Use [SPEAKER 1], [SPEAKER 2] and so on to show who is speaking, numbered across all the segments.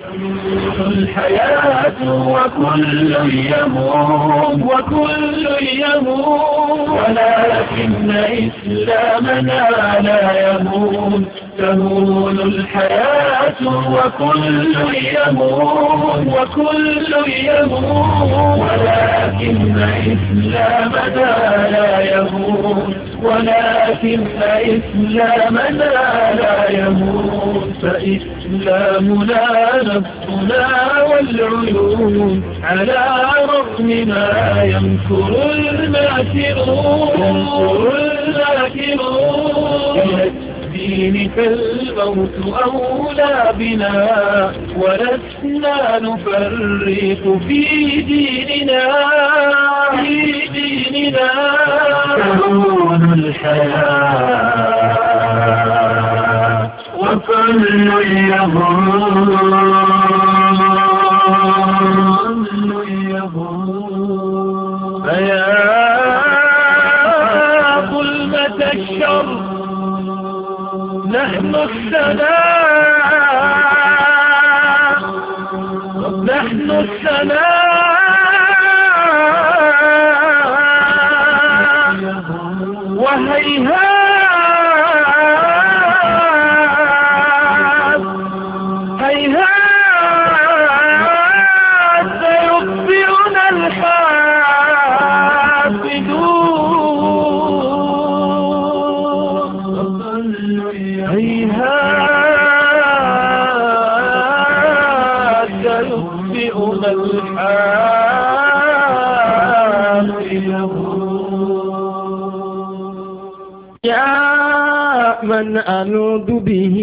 [SPEAKER 1] الحياة وكل يموت وكل يموت ولكن إسلامنا لا يموت تهون الحياة وكل يموت وكل يموت ولكن إسلامنا لا يموت ولكن
[SPEAKER 2] إسلامنا لا يموت فإسلامنا نفسنا والعيون على رغم ما
[SPEAKER 1] ينكر الماكرون يمكر الماكرون الدين فالموت أولى بنا ولسنا نفرق في ديننا في ديننا تهون
[SPEAKER 2] الحياة وكل يظن
[SPEAKER 1] فيا ظلمة الشر نحن السلام نحن السلام وهيهات هيهات يخطئنا الحال
[SPEAKER 2] يا من ألود به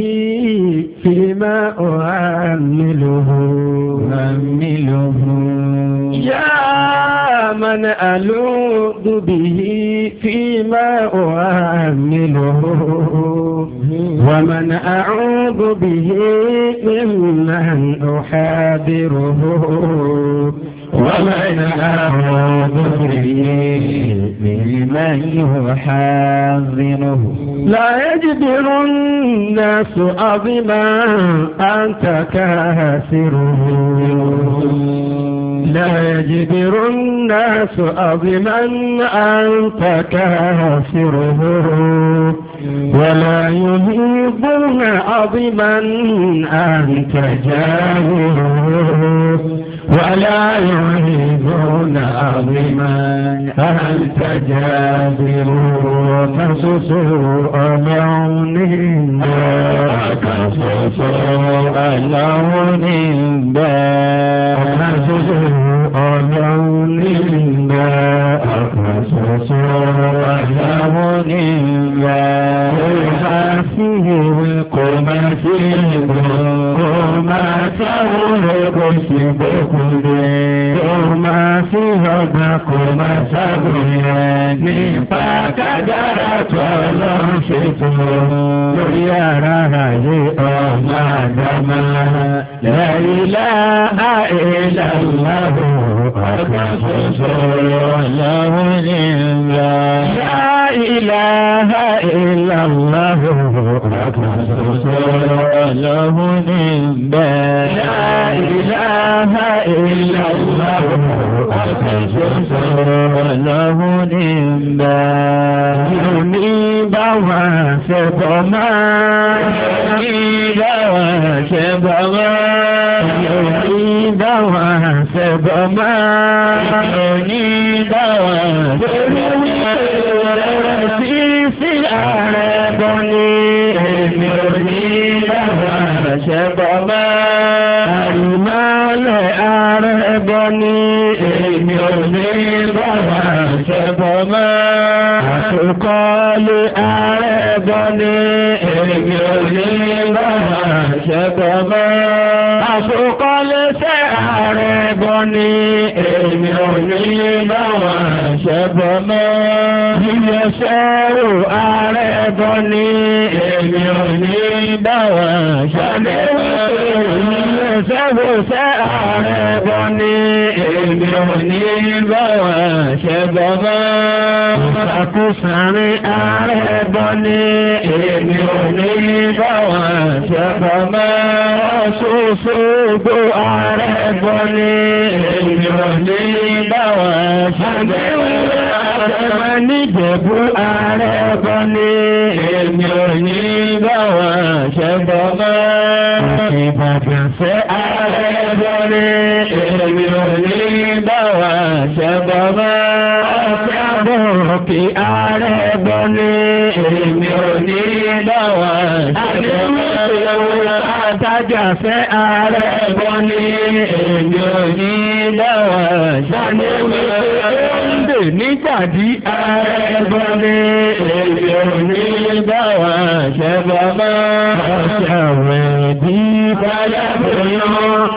[SPEAKER 2] فيما أعمله أعمله يا من ألود به فيما أعمله
[SPEAKER 1] ومن أعوذ به ممن أحاذره ومن أعوذ
[SPEAKER 2] به ممن يحاذره لا يجدر الناس أظما أن تكاسره
[SPEAKER 1] لا يجبر الناس أظما أن تكاسره ولا يهيبون عظما أن جاهره ولا يعيبون عظما أنت جابر فسسوء لون فسسوء لون فسسوء لون فسسوء لون ويحافظ القمة القمة القمة kúndé. Yóò máa fi ọgbà kò máa ṣàgùnyẹ̀ nípa kádàrá tó ọlọ́run ṣètò lórí ara àyè ọ̀gá àdámá. La ilaha illallah ọ̀kan ṣoṣo lọ́wọ́ ní ìlà. La ilaha illallah ọ̀kan ṣoṣo lọ́wọ́ ní ìlà. La ilaha illallah ọ̀kan ṣoṣo lọ́wọ́ ní ìlà. ṣẹ̀bọ̀ máa. Yóò ní báwa ṣẹ̀bọ̀ máa. Onídàwà ṣẹ̀bọ̀ máa. Onídàwà ṣẹ̀bọ̀ máa. Onídàwà sí sí ààrẹ bọ́ ní èmi onídàwà ṣẹ̀bọ̀ máa. Àrùmọ́lẹ̀ ààrẹ bọ́ ní èmi onídàwà ṣẹ̀bọ̀ máa. Àtòkọ́lé ààrẹ bọ́ ní èmi onídàwà ṣẹ̀bọ̀ àsokọ́ lẹ́sẹ̀ ààrẹ bọ́ ni èmi ò ní bá wọn ṣẹbọ mọ́. Yíyẹsẹ́ ò ààrẹ bọ́ ni èmi ò ní bá wọn ṣẹbọ mọ́. Yíyẹsẹ́ ò sẹ́ ààrẹ bọ́ ni èmi ò ní bá wọn ṣe bàbá. Ìṣàkóṣàrin ààrẹ bọ́ ní èmi ò ní bá wọn ṣe bàbá. Ṣoṣogbo ààrẹ bọ́ ní èmi ò ní bá wọn ṣe bàbá. Àjẹmọ́ níjẹ̀bú ààrẹ bọ́ ní èmi ò ní bá wọn ṣe bàbá. Ìbàdàn ṣe ààrẹ bọ́ ní. ààrẹ ẹ̀gbọ́n ni èmi ò ní lọ́wọ́ ṣẹ̀gbọ́n. Àtàjà fẹ́ ààrẹ
[SPEAKER 2] ẹ̀gbọ́n ni èmi ò ní lọ́wọ́ ṣẹ̀gbọ́n lè nígbàdí ẹbọ ní èyí òní dáwà ṣẹbọ máa ṣàwẹ̀ bí báyà bóyá.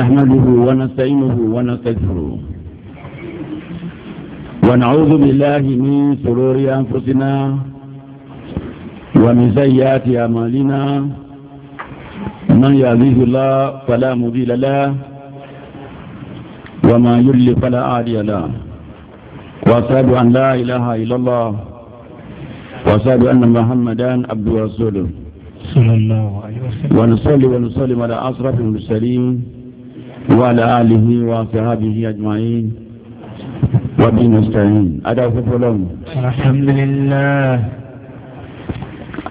[SPEAKER 2] نحمده ونستعينه ونستغفره ونعوذ بالله من شرور أنفسنا ومن سيئات أعمالنا من يهده الله فلا مضل له وما يضل فلا هادي له وأشهد أن لا إله إلا الله وأشهد أن محمدا عبده ورسوله
[SPEAKER 1] صلى الله عليه
[SPEAKER 2] وسلم ونصلي ونسلم على أشرف المرسلين وعلى آله وصحبه أجمعين وبه نستعين أدعو فلان الحمد لله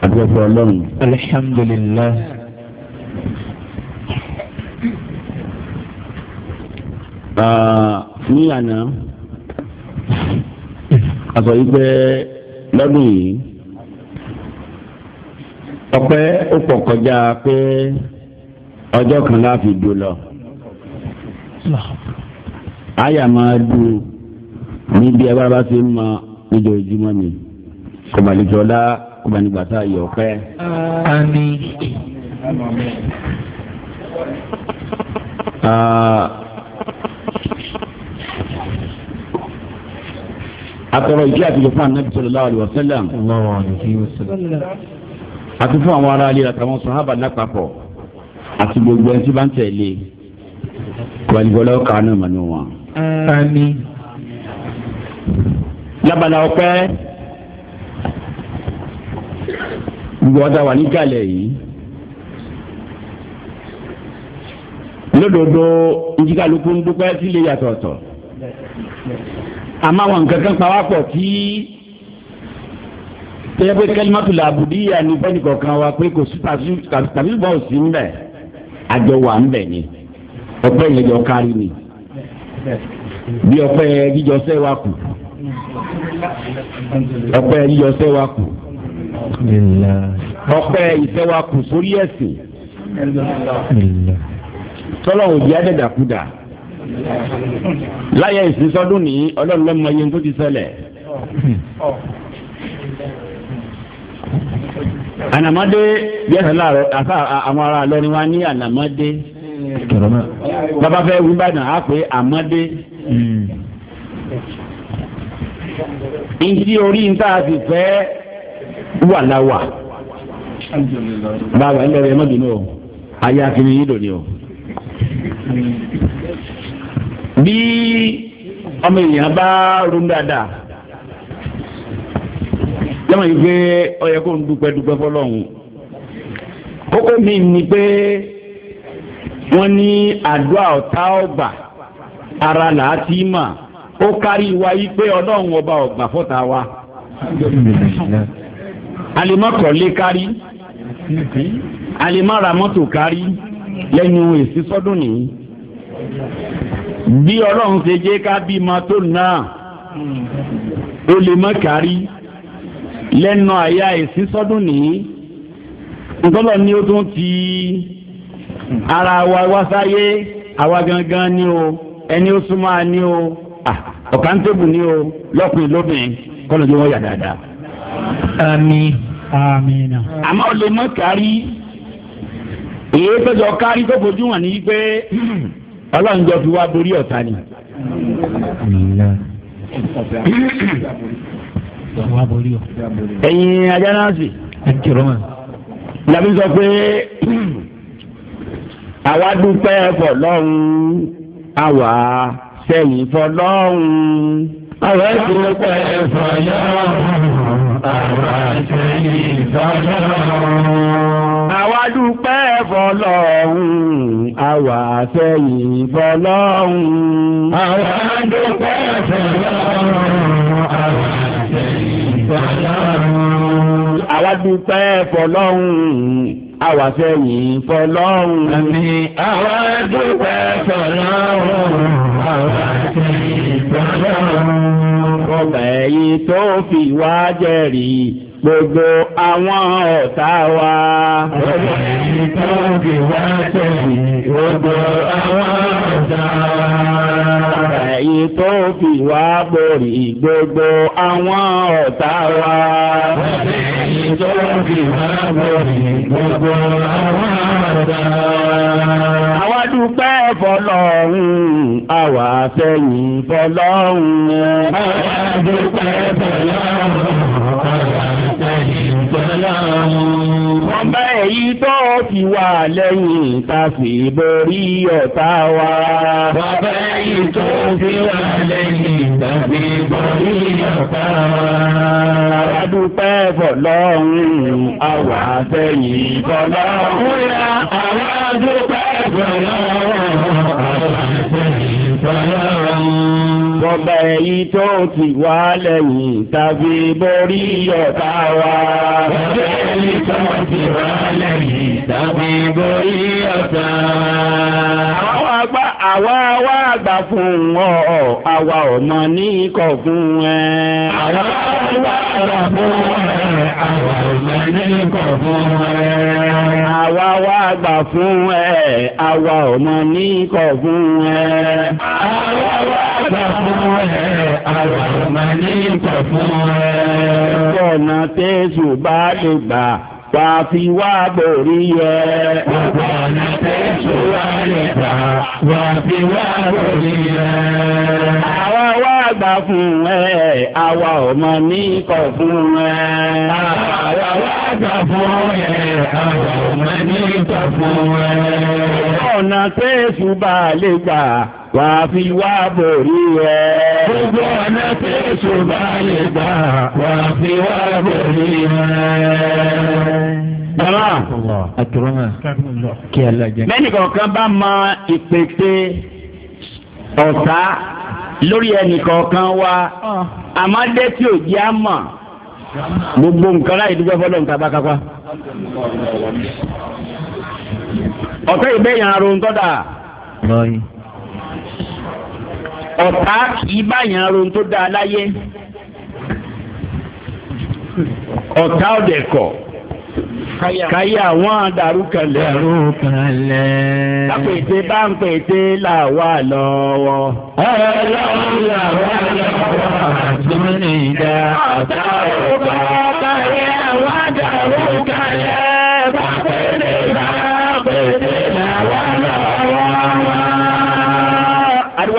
[SPEAKER 2] أدعو فلان الحمد لله ní àná àsọ yìí pé lọ́dún yìí ọpẹ́ ó pọ̀ kọjá pé ọjọ́ kan láàfin jù lọ àyà máa dùn níbi ẹ bára bá ti ń mọ ojoojúmọ́ mi kọ̀bàlìjọ́lá kọ̀bàlìgbàtà yọ̀ọ́pẹ́. àmín. atọrọ ìdí àti ìjọba anabi sallallahu alaihi wasallam. àti fún àwọn ará ilé àtàwọn sọ̀hábà lápapọ̀ àti gbogbo ẹni tí bá ń tẹ̀lé wàlúbọ̀lá ọkà náà mọ̀ nù wọn. àmín. lábala ọpẹ́ gbọ́dọ̀ wà níkàlẹ̀ yìí lódodo njikaluku ń dúpẹ́ sílé yàtọ̀ọ̀tọ̀ àmọ́ àwọn nǹkan kan pa wá pọ̀ kí tẹ́lẹ̀ pé kẹ́límọ́tò làbùdíyà ní bẹ́ẹ̀ nìkan kan wá pé kò sí tàbí bọ́ọ̀ sí ń bẹ̀ àjọ ń bẹ̀ ni ọpẹ́ yẹn jọ kárí ni bí ọpẹ́ jíjọ sẹ́wà kù ọpẹ́ jíjọ sẹ́wà kù ọpẹ́ ìsẹ́wà kù sórí ẹ̀sìn tọ́lọ̀ òjì àdẹ̀dàkúdà láyé ìsinsọ́dún ní ọlọ́run lọ́mọ iye tó ti ṣẹlẹ̀ ànàmọ́dé bí ẹ̀sán láàárọ̀ àwọn ará lọ́rin wa ní ànàmọ́dé tọ̀rọ̀mọ́ bàbá fẹ́ wí bàdàn á pé àmọ́dé hmm. ìdí orí ń tá a sì fẹ́ wà láwà bàbá ẹ̀ lẹ́rìí ẹ̀ mọ́ bínú o ayé akínní yìí lòdì o bí ọmọ èèyàn bá ronú dáadáa lọ́mọ yìí pé ó yẹ kó ń dúpẹ́ dúpẹ́ fọlọ́hún kókó mi ni pé wọ́n ní àdúrà ọ̀tá ọ̀gbà ara làá ti mà ó kárí wa yí pé ọlọ́run ọba ọ̀gbà fọ́ta wa. alimọ́kọ̀lé kárí alimọ́ra mọ́tò kárí lẹ́nu èsì sọ́dún nìyí. bí ọlọ́run ṣe jẹ́ ká bímọ tó náà ó lè má kárí lẹ́nu àyà èsì sọ́dún nìyí. ntọ́lọ́ ni ó tún ti ara wa wá sáyé àwa gangan ni o ẹni ó súnmọ́ a ni o ọ̀kántẹ́bù ni o lọ́kùnrin lóbìnrin kọ́nà tí wọ́n yà dáadáa. àmín àmín. àmọ́ o lè mọ kárí èyí tọ́jọ́ kárí tó fojú hàn ní pé ọlọ́run jọ fi wá borí ọ̀tá ni. ẹ̀yin ajá náà sì. ẹ kìrọ̀ mọ́. làbí sọ pé àwa dúpẹ́ fọlọ́run àwa sẹ́yìn fọlọ́run. àwa dúpẹ́ fọlọ́run àwa sẹ́yìn fọlọ́run. àwa dúpẹ́ fọlọ́run àwa sẹ́yìn fọlọ́run. àwa dúpẹ́ fọlọ́run
[SPEAKER 1] àwa sẹ́yìn fọlọ́run.
[SPEAKER 2] àwa dúpẹ́ fọlọ́run àwa sẹ́yìn fọlọ́run. àmì àwa dúpẹ́ fọlọ́run àwa sẹ́yìn fọlọ́run. ọgbà ẹ̀yìn tó fi wá jẹ́rìí. Gbogbo àwọn ọ̀tá wa. Ọ̀pọ̀ èyí tó ń fi wá tẹ̀lé. Gbogbo àwọn ọ̀tá wa. Ọ̀pọ̀ èyí tó ń fi wá borí. Gbogbo àwọn ọ̀tá wa. Ọ̀pọ̀ tó fi wá borí. Gbogbo àwọn ọ̀tá wa dúpẹ́ fọlọ́run àwa fẹ̀yìn fọlọ́run. àwa dúpẹ́ fọlọ́run àwa. Wọ́n bá èyí tó ti wà lẹ́yìn ta sì borí ọ̀tá wa. Wọ́n bá èyí tó ti wà lẹ́yìn ta sì borí ọ̀tá wa. A dúpẹ́ fọlọ́run, àwa àtẹ̀yìn fọlọ́run. Àwa dúpẹ́ fọlọ́run, àwa àtẹ̀yìn fọlọ́run kọba èyí tó ti wá lẹ́yìn tàbí borí ọ̀tá wa. kọba èyí tó ti wá lẹ́yìn tàbí borí ọ̀tá wa agbá àwa wá àgbà fún ọ àwa ọmọ ní ikọ̀ fún ẹ. àwa wá àgbà fún ẹ àwa ọmọ ní ikọ̀ fún ẹ. àwa wá àgbà fún ẹ àwa ọmọ ní ikọ̀ fún ẹ. àwa wá gbà fún ẹ àwọn máa ní ìgbà fún ẹ. ọ̀nà tẹ́sù bá lè gbà wà fi wá borí yẹ. Gbogbo ọ̀nà tẹ́sù wá lè gbà wà fi wá borí yẹ. Àwa wá gbà fún ẹ, àwa ọmọ ní kọ̀ fún ẹ. Àwa wá gbà fún ẹ, àwa ọmọ ní kọ̀ fún ẹ. Ọ̀nà tẹ́sù bá lè gbà wà á fi wá borí rẹ̀. gbogbo ọ̀nà tí èso bá lè gbà wà á fi wá borí rẹ̀. Bàbá
[SPEAKER 1] àtúrọ́mà kí ẹ lọ jẹ.
[SPEAKER 2] Bẹ́ẹ̀ni kọ̀ọ̀kan bá mọ ìpètè ọ̀tá lórí ẹnì kọ̀ọ̀kan wa àmọ́dé tí ò jẹ́ àmọ̀ gbogbo nǹkan láì dúpẹ́ fọlọ́run tá bá kápá. ọ̀tá ìbéèyàn arun tọ́da ọ̀tá kì í báyàn ron tó dáa láyé ọ̀tá ọ̀dẹ̀kọ̀ káyà wọn dàrú kalẹ̀. dàrú kalẹ̀. lápètè bá ń pètè làwa lọ́wọ́. ọlọ́run làwa
[SPEAKER 1] lọ́wọ́
[SPEAKER 2] àtúndà. ọ̀tá ọ̀tá
[SPEAKER 1] káyà wọn dàrú.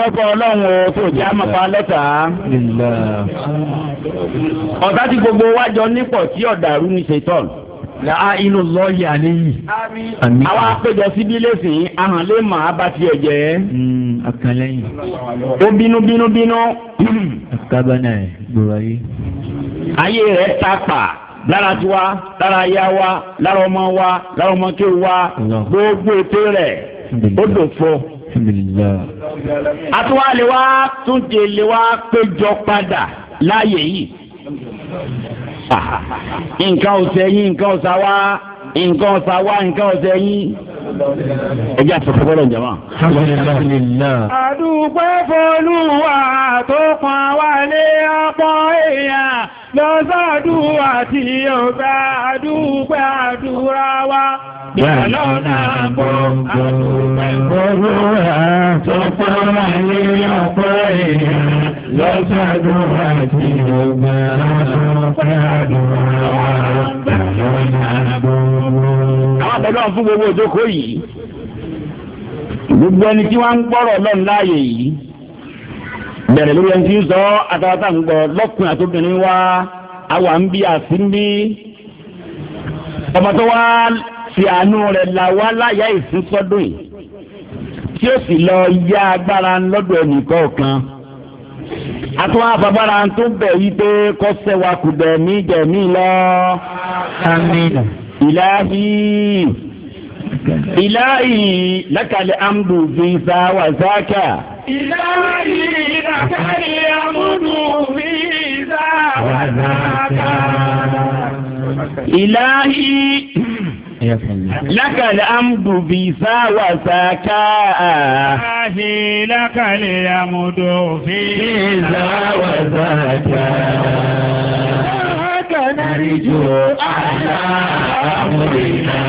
[SPEAKER 2] dúpẹ́ ọlọ́run o tó jẹ́ àmọ́pá lẹ́tà. ọ̀tá tí gbogbo wa jọ nípò tí ọ̀dàrú ni ṣètọ́n. La inú lọ yà níyì. Àwa péjọ síbí lẹ́sìn ahàn lè mà á bá tiẹ̀ jẹ́. Hmm, Akànlẹ́yìn. Ó bínú bínú bínú. Akábánà ẹ̀ gbòòrò ayé. Ayé rẹ̀ ta pa lára tiwa lára ya wa lára ọmọ wa lára ọmọ kéwu wa gbogbo ètò rẹ̀ ó dò fún alhamdulillah. àtúwálé wa túnjẹ lè wa péjọ padà láàyè yìí. nǹkan ọ̀sẹ̀ yín nǹkan ọ̀sà wa nǹkan ọ̀sà wa nǹkan ọ̀sẹ̀ yín ẹjẹ àfẹsẹ bọlọ jama. àdúgbò fọlùwà tó pọn wálé ọ̀pọ̀ èèyàn lọ́sàdúrà tí ọ̀gá àdúgbò àdúrà wa. Àwọn àtẹ̀lọ́ fún gbogbo òjòkó yìí yìí gbogbo ẹni tí wọ́n ń gbọ́rọ̀ lọ́n láàyè yìí bẹ̀rẹ̀ lórí ẹni tí ń sọ àtàwátà ń gbọ́ lọ́kùnrin àtòbìnrin wa àwa ń bí àsínbí ọmọ tó wá fi àánú rẹ̀ là wá láyà ìsín sọ́dún yìí tí ó sì lọ yá agbára lọ́dọ̀ ẹnìkọ̀ọ̀kan àtúwọ́n afabára tó bẹ̀ yí pé kọ́sẹ́ wa kù dẹ̀ mí dẹ̀ mí lọ. Àmín. Ìlàhí. إلهي لك الأمر فيسا وساكا إلهي لك الأمر فيسا وساكا إلهي لك الأمر فيسا وساكا إلهي لك الأمر فيسا وساكا نرجو أعلى
[SPEAKER 1] أمرنا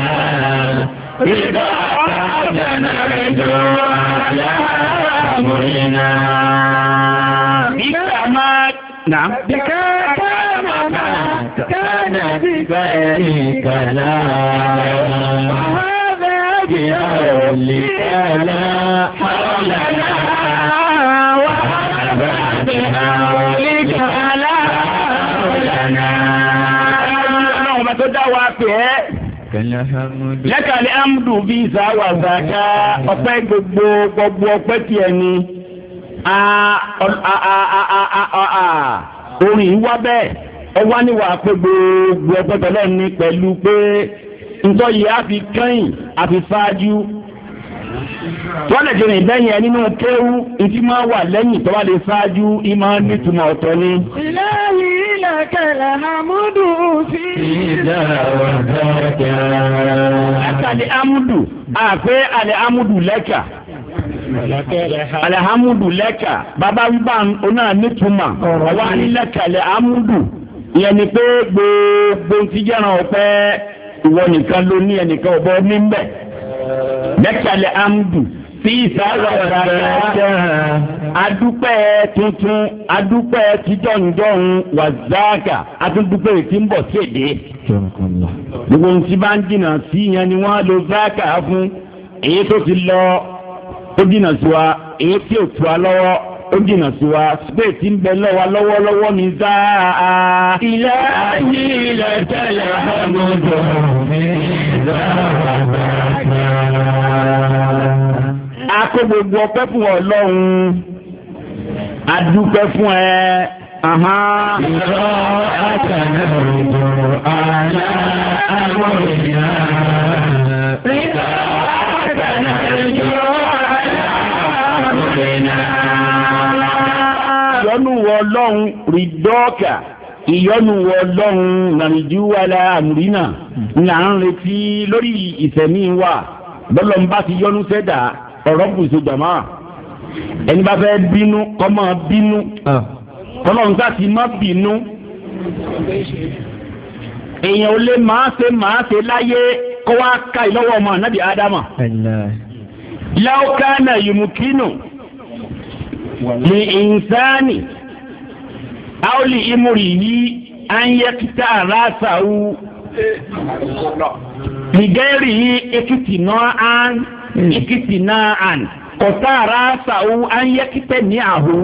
[SPEAKER 1] إذا أتانا الدعاء على أمرنا بكمات نعم بكمات
[SPEAKER 2] كان ببارك لا
[SPEAKER 1] وهذا
[SPEAKER 2] بأولك
[SPEAKER 1] لا حول لنا وهذا
[SPEAKER 2] بأولك لا حول لنا. Ọlọ́run ọba tó dá wa pè é lẹ́kàlẹ́ amúdù bíi ìsáwà zaka ọpẹ́ gbogbo gbogbo ọpẹ́ tiẹ̀ ni orin yìí wá bẹ́ẹ̀ ẹ wá níwà pé gbogbo ọpẹ́ tọ́lọ́ ní pẹ̀lú pé ntọ́ yìí á fi kẹ́yìn á fi ṣáájú tọ́lẹ̀ jẹ̀rìn lẹ́yìn ẹ nínú kéwú ìtí máa wà lẹ́yìn tọ́wá lè ṣáájú ìmáa nítumọ̀ ọ̀tọ̀ ni. ìlẹ́yìn. لك الحمد في دعوتك أتى الحمد أفي الحمد لك alhamdu lẹ́kà bàbá wíwá oná nítumọ̀ wà ní lẹ́kà alhamdu ìyẹn ni pé gbogbo ti jẹ́ràn ọ̀pẹ́ ìwọ nìkan ló ní ẹnìkan ọ̀bọ níbẹ̀ lẹ́kà alhamdu. fi ìsàlọ̀dàrà adúpẹ́ tuntun adúpẹ́ tíjọ́njọ́hun wàzáàkà adúpẹ́ tí ń bọ̀ sí gbogbo ohun bá ń dìnà sí ni wọ́n á lo záàkà fún èyí tó ti lọ ó dìnà wa èyí tí ò tu wa lọ́wọ́ ó wa ń bẹ lọ́wọ́ lọ́wọ́lọ́wọ́ ilẹ̀ tẹ̀lé mi bàbá. akó gbogbo ọpẹ́ fún Ọlọ́run adúpẹ́ fún ẹ. Ìrọ̀ àtàlẹ́ ìdòrò àlá
[SPEAKER 1] àwọn ènìyàn. Ìrọ̀ àtàlẹ́ ìdòrò àlá àwọn ènìyàn.
[SPEAKER 2] Ìyọ́nú Ọlọ́run rìdọ́ọ̀kà ìyọ́nú Ọlọ́run nàìjíríà àmúrínà là ń retí lórí ìsẹ̀mí wa lọ́lọ́mbá ti yọ́nú sẹ́dà ọ̀rọ̀ kù sí jàmá ẹni bá fẹ́ bínú kọ́ máa bínú kọ́lọ́n sá ti má bínú èèyàn ò lè máa ṣe máa ṣe láyé kó wá ká ìlọ́wọ́ ọmọ ànábì ádámà láwùkánà yìmùkínù ní ìnsáni àwòlì ìmúrì yìí à ń yẹ kíta àràṣà wù nìgẹ́rì yìí èkìtì náà á ń ìkìtì náà àn an, ara sàwù anyẹ́kítẹ́ ní àhù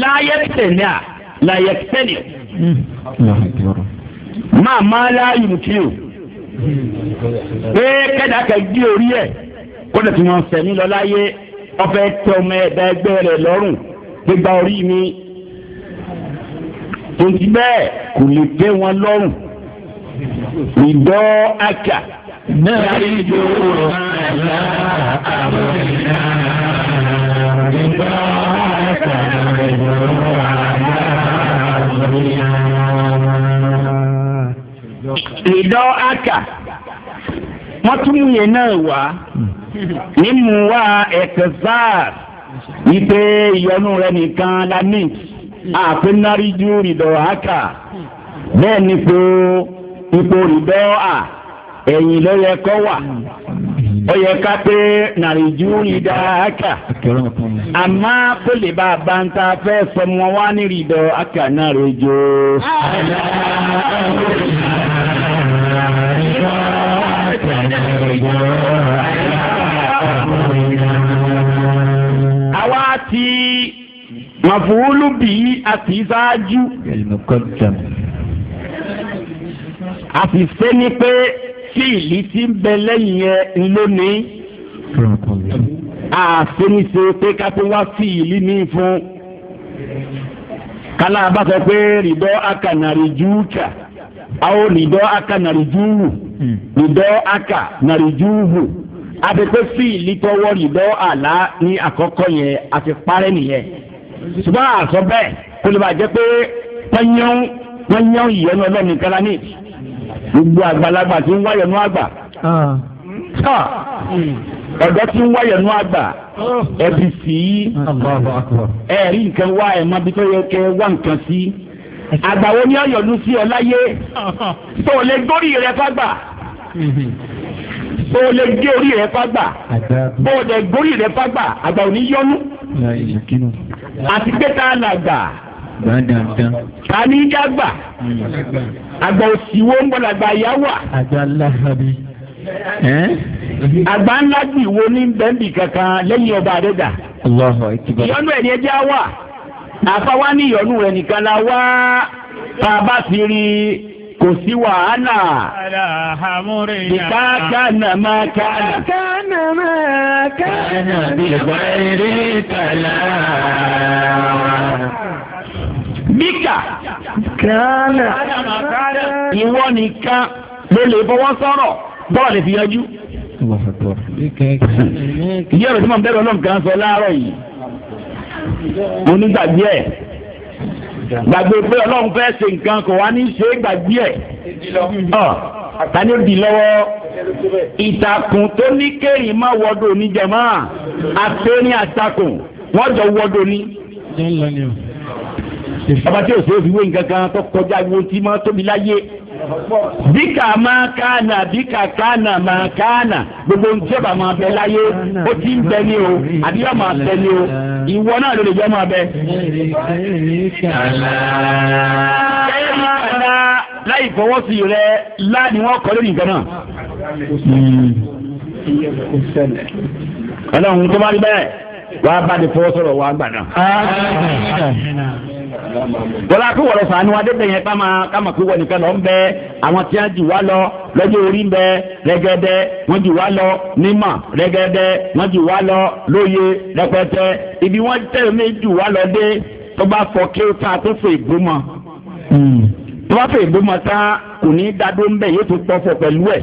[SPEAKER 2] láyẹ́kítẹ́ ní à láyẹ́kítẹ́ ní. máa máa láàyè kí o
[SPEAKER 1] pé kẹ́dà
[SPEAKER 2] kẹ́gbí orí ẹ̀ kódà tí wọ́n sẹ́ni lọ láyé ọbẹ̀ tẹ ọmọ ẹ̀dá ẹgbẹ́ rẹ̀ lọ́rùn gbégbá mi tó kò lè tẹ́ wọn lọ́rùn ìdọ́ àkà. نعيدها على wọ́n tún mú náà wá nímú wá ẹ̀kẹ́sáà wípé ìyọnu rẹ nìkan la ju aka, bẹ́ẹ̀ ni ipò A. ẹ̀yìn ló yẹ kó wà ó yẹ ká pé nàìjú rí dáàkà àmọ́ kó lè bá a bá ń ta fẹ́ sọmọ wá ní ìdọ̀ àkà náà rẹ jọ. àwa ti màfúlù bíi àti ṣáájú. a sì pé fíìlì tí ń bẹ lẹ́yìn yẹn lónìí àfiníṣe pé ká tó wá fíìlì ní fún kálá bá sọ pé rìdọ́ akànàrí júùkà àwọn rìdọ́ akànàrí júùwù rìdọ́ akànàrí júùwù àti pé fíìlì tọwọ́ rìdọ́ àlá ní àkọ́kọ́ yẹn àti parẹ́ nìyẹn ṣùgbọ́n àsọ bẹ́ẹ̀ kó lè bàjẹ́ pé pẹ́yán pẹ́yán ìyẹn ọlọ́run nìkan ní ìdí gbogbo àgbàlagbà tí ń wáyọ̀ nú àgbà ah. ọ̀dọ́ tí ń wáyọ̀ nú àgbà ẹbí sí ẹ rí nǹkan wá ẹ̀ má bí tó yẹ kẹ́ wá nǹkan sí àgbà wo ni ọ̀yọ̀lú sí ọ láyé tó lè gbórí rẹ fágbà bó o lè gé orí rẹ fagbà bó o lè gbórí rẹ fagbà àgbà ò ní yọnu àti pé tá a là gbà gbàdàgbà. tani dàgbà àgbà òsìwò ń bọ̀dọ̀ àgbà yá àgbà ńlá wo ní bẹ́ńbì kankan lẹ́yìn ọba àdẹ́gà. ìyọnu ẹ̀ ní ẹjẹ́ wà àfáwá ní ìyọnu rẹ̀ nìkan la wá tá a bá fi rí kò sí wàhálà. Ìkákànà máa bí kàlà. bíkà kánà ìwọ nìkan ló lè bọ́wọ́ sọ̀rọ̀ bọ́ọ̀ lè fi yanjú. ìyá rẹ̀ tí mo bẹ̀rẹ̀ ọlọ́run kan sọ láàárọ̀ yìí mo ní gbàgbé ẹ̀ gbàgbé pé ọlọ́run fẹ́ ṣe nǹkan kò wá ní ṣe gbàgbé ẹ̀ tani ó di lọ́wọ́ ìtàkùn tó ní kéèyàn má wọ́dọ̀ ní jẹ̀mọ́ àtẹ́ni àtàkùn wọ́n jọ wọ́dọ̀ ní bàbá tí òṣèré fi wé nǹkankan tó kọjá wo tí máa tóbi láyé bíkà máa kánà bíkà kánà máa kánà gbogbo ń jẹba máa bẹ láyé ó ti ń bẹ ní o àbí yóò máa bẹ ní o ìwọ náà ló lè jọ máa bẹ. láì fọwọ́sí rẹ láàánú wọn kọ lórí nǹkan náà ọlọ́run tó bá rí bẹ́ẹ̀ wàá bá ní fọwọ́sọ̀rọ̀ wàá gbà náà bọ́lá kí wọ́n lọ sànú adébẹ̀ yẹn káma kí wọ́n nìkan lọ ń bẹ àwọn tí wọ́n jù wá lọ lọ́jọ́ orí ń bẹ rẹ́gẹ́dẹ́ wọ́n jù wá lọ nímọ̀ rẹ́gẹ́dẹ́ wọ́n jù wá lọ lóye rẹpẹtẹ ibi wọ́n tẹ̀ mí jù wá lọ dé tó bá fọ kí ó ta tó fè gbómọ hmm. tó bá fẹ́ ìbomọ tán kò ní í dadó ń bẹ̀ yóò tó tọ́fọ̀ pẹ̀lú ẹ̀.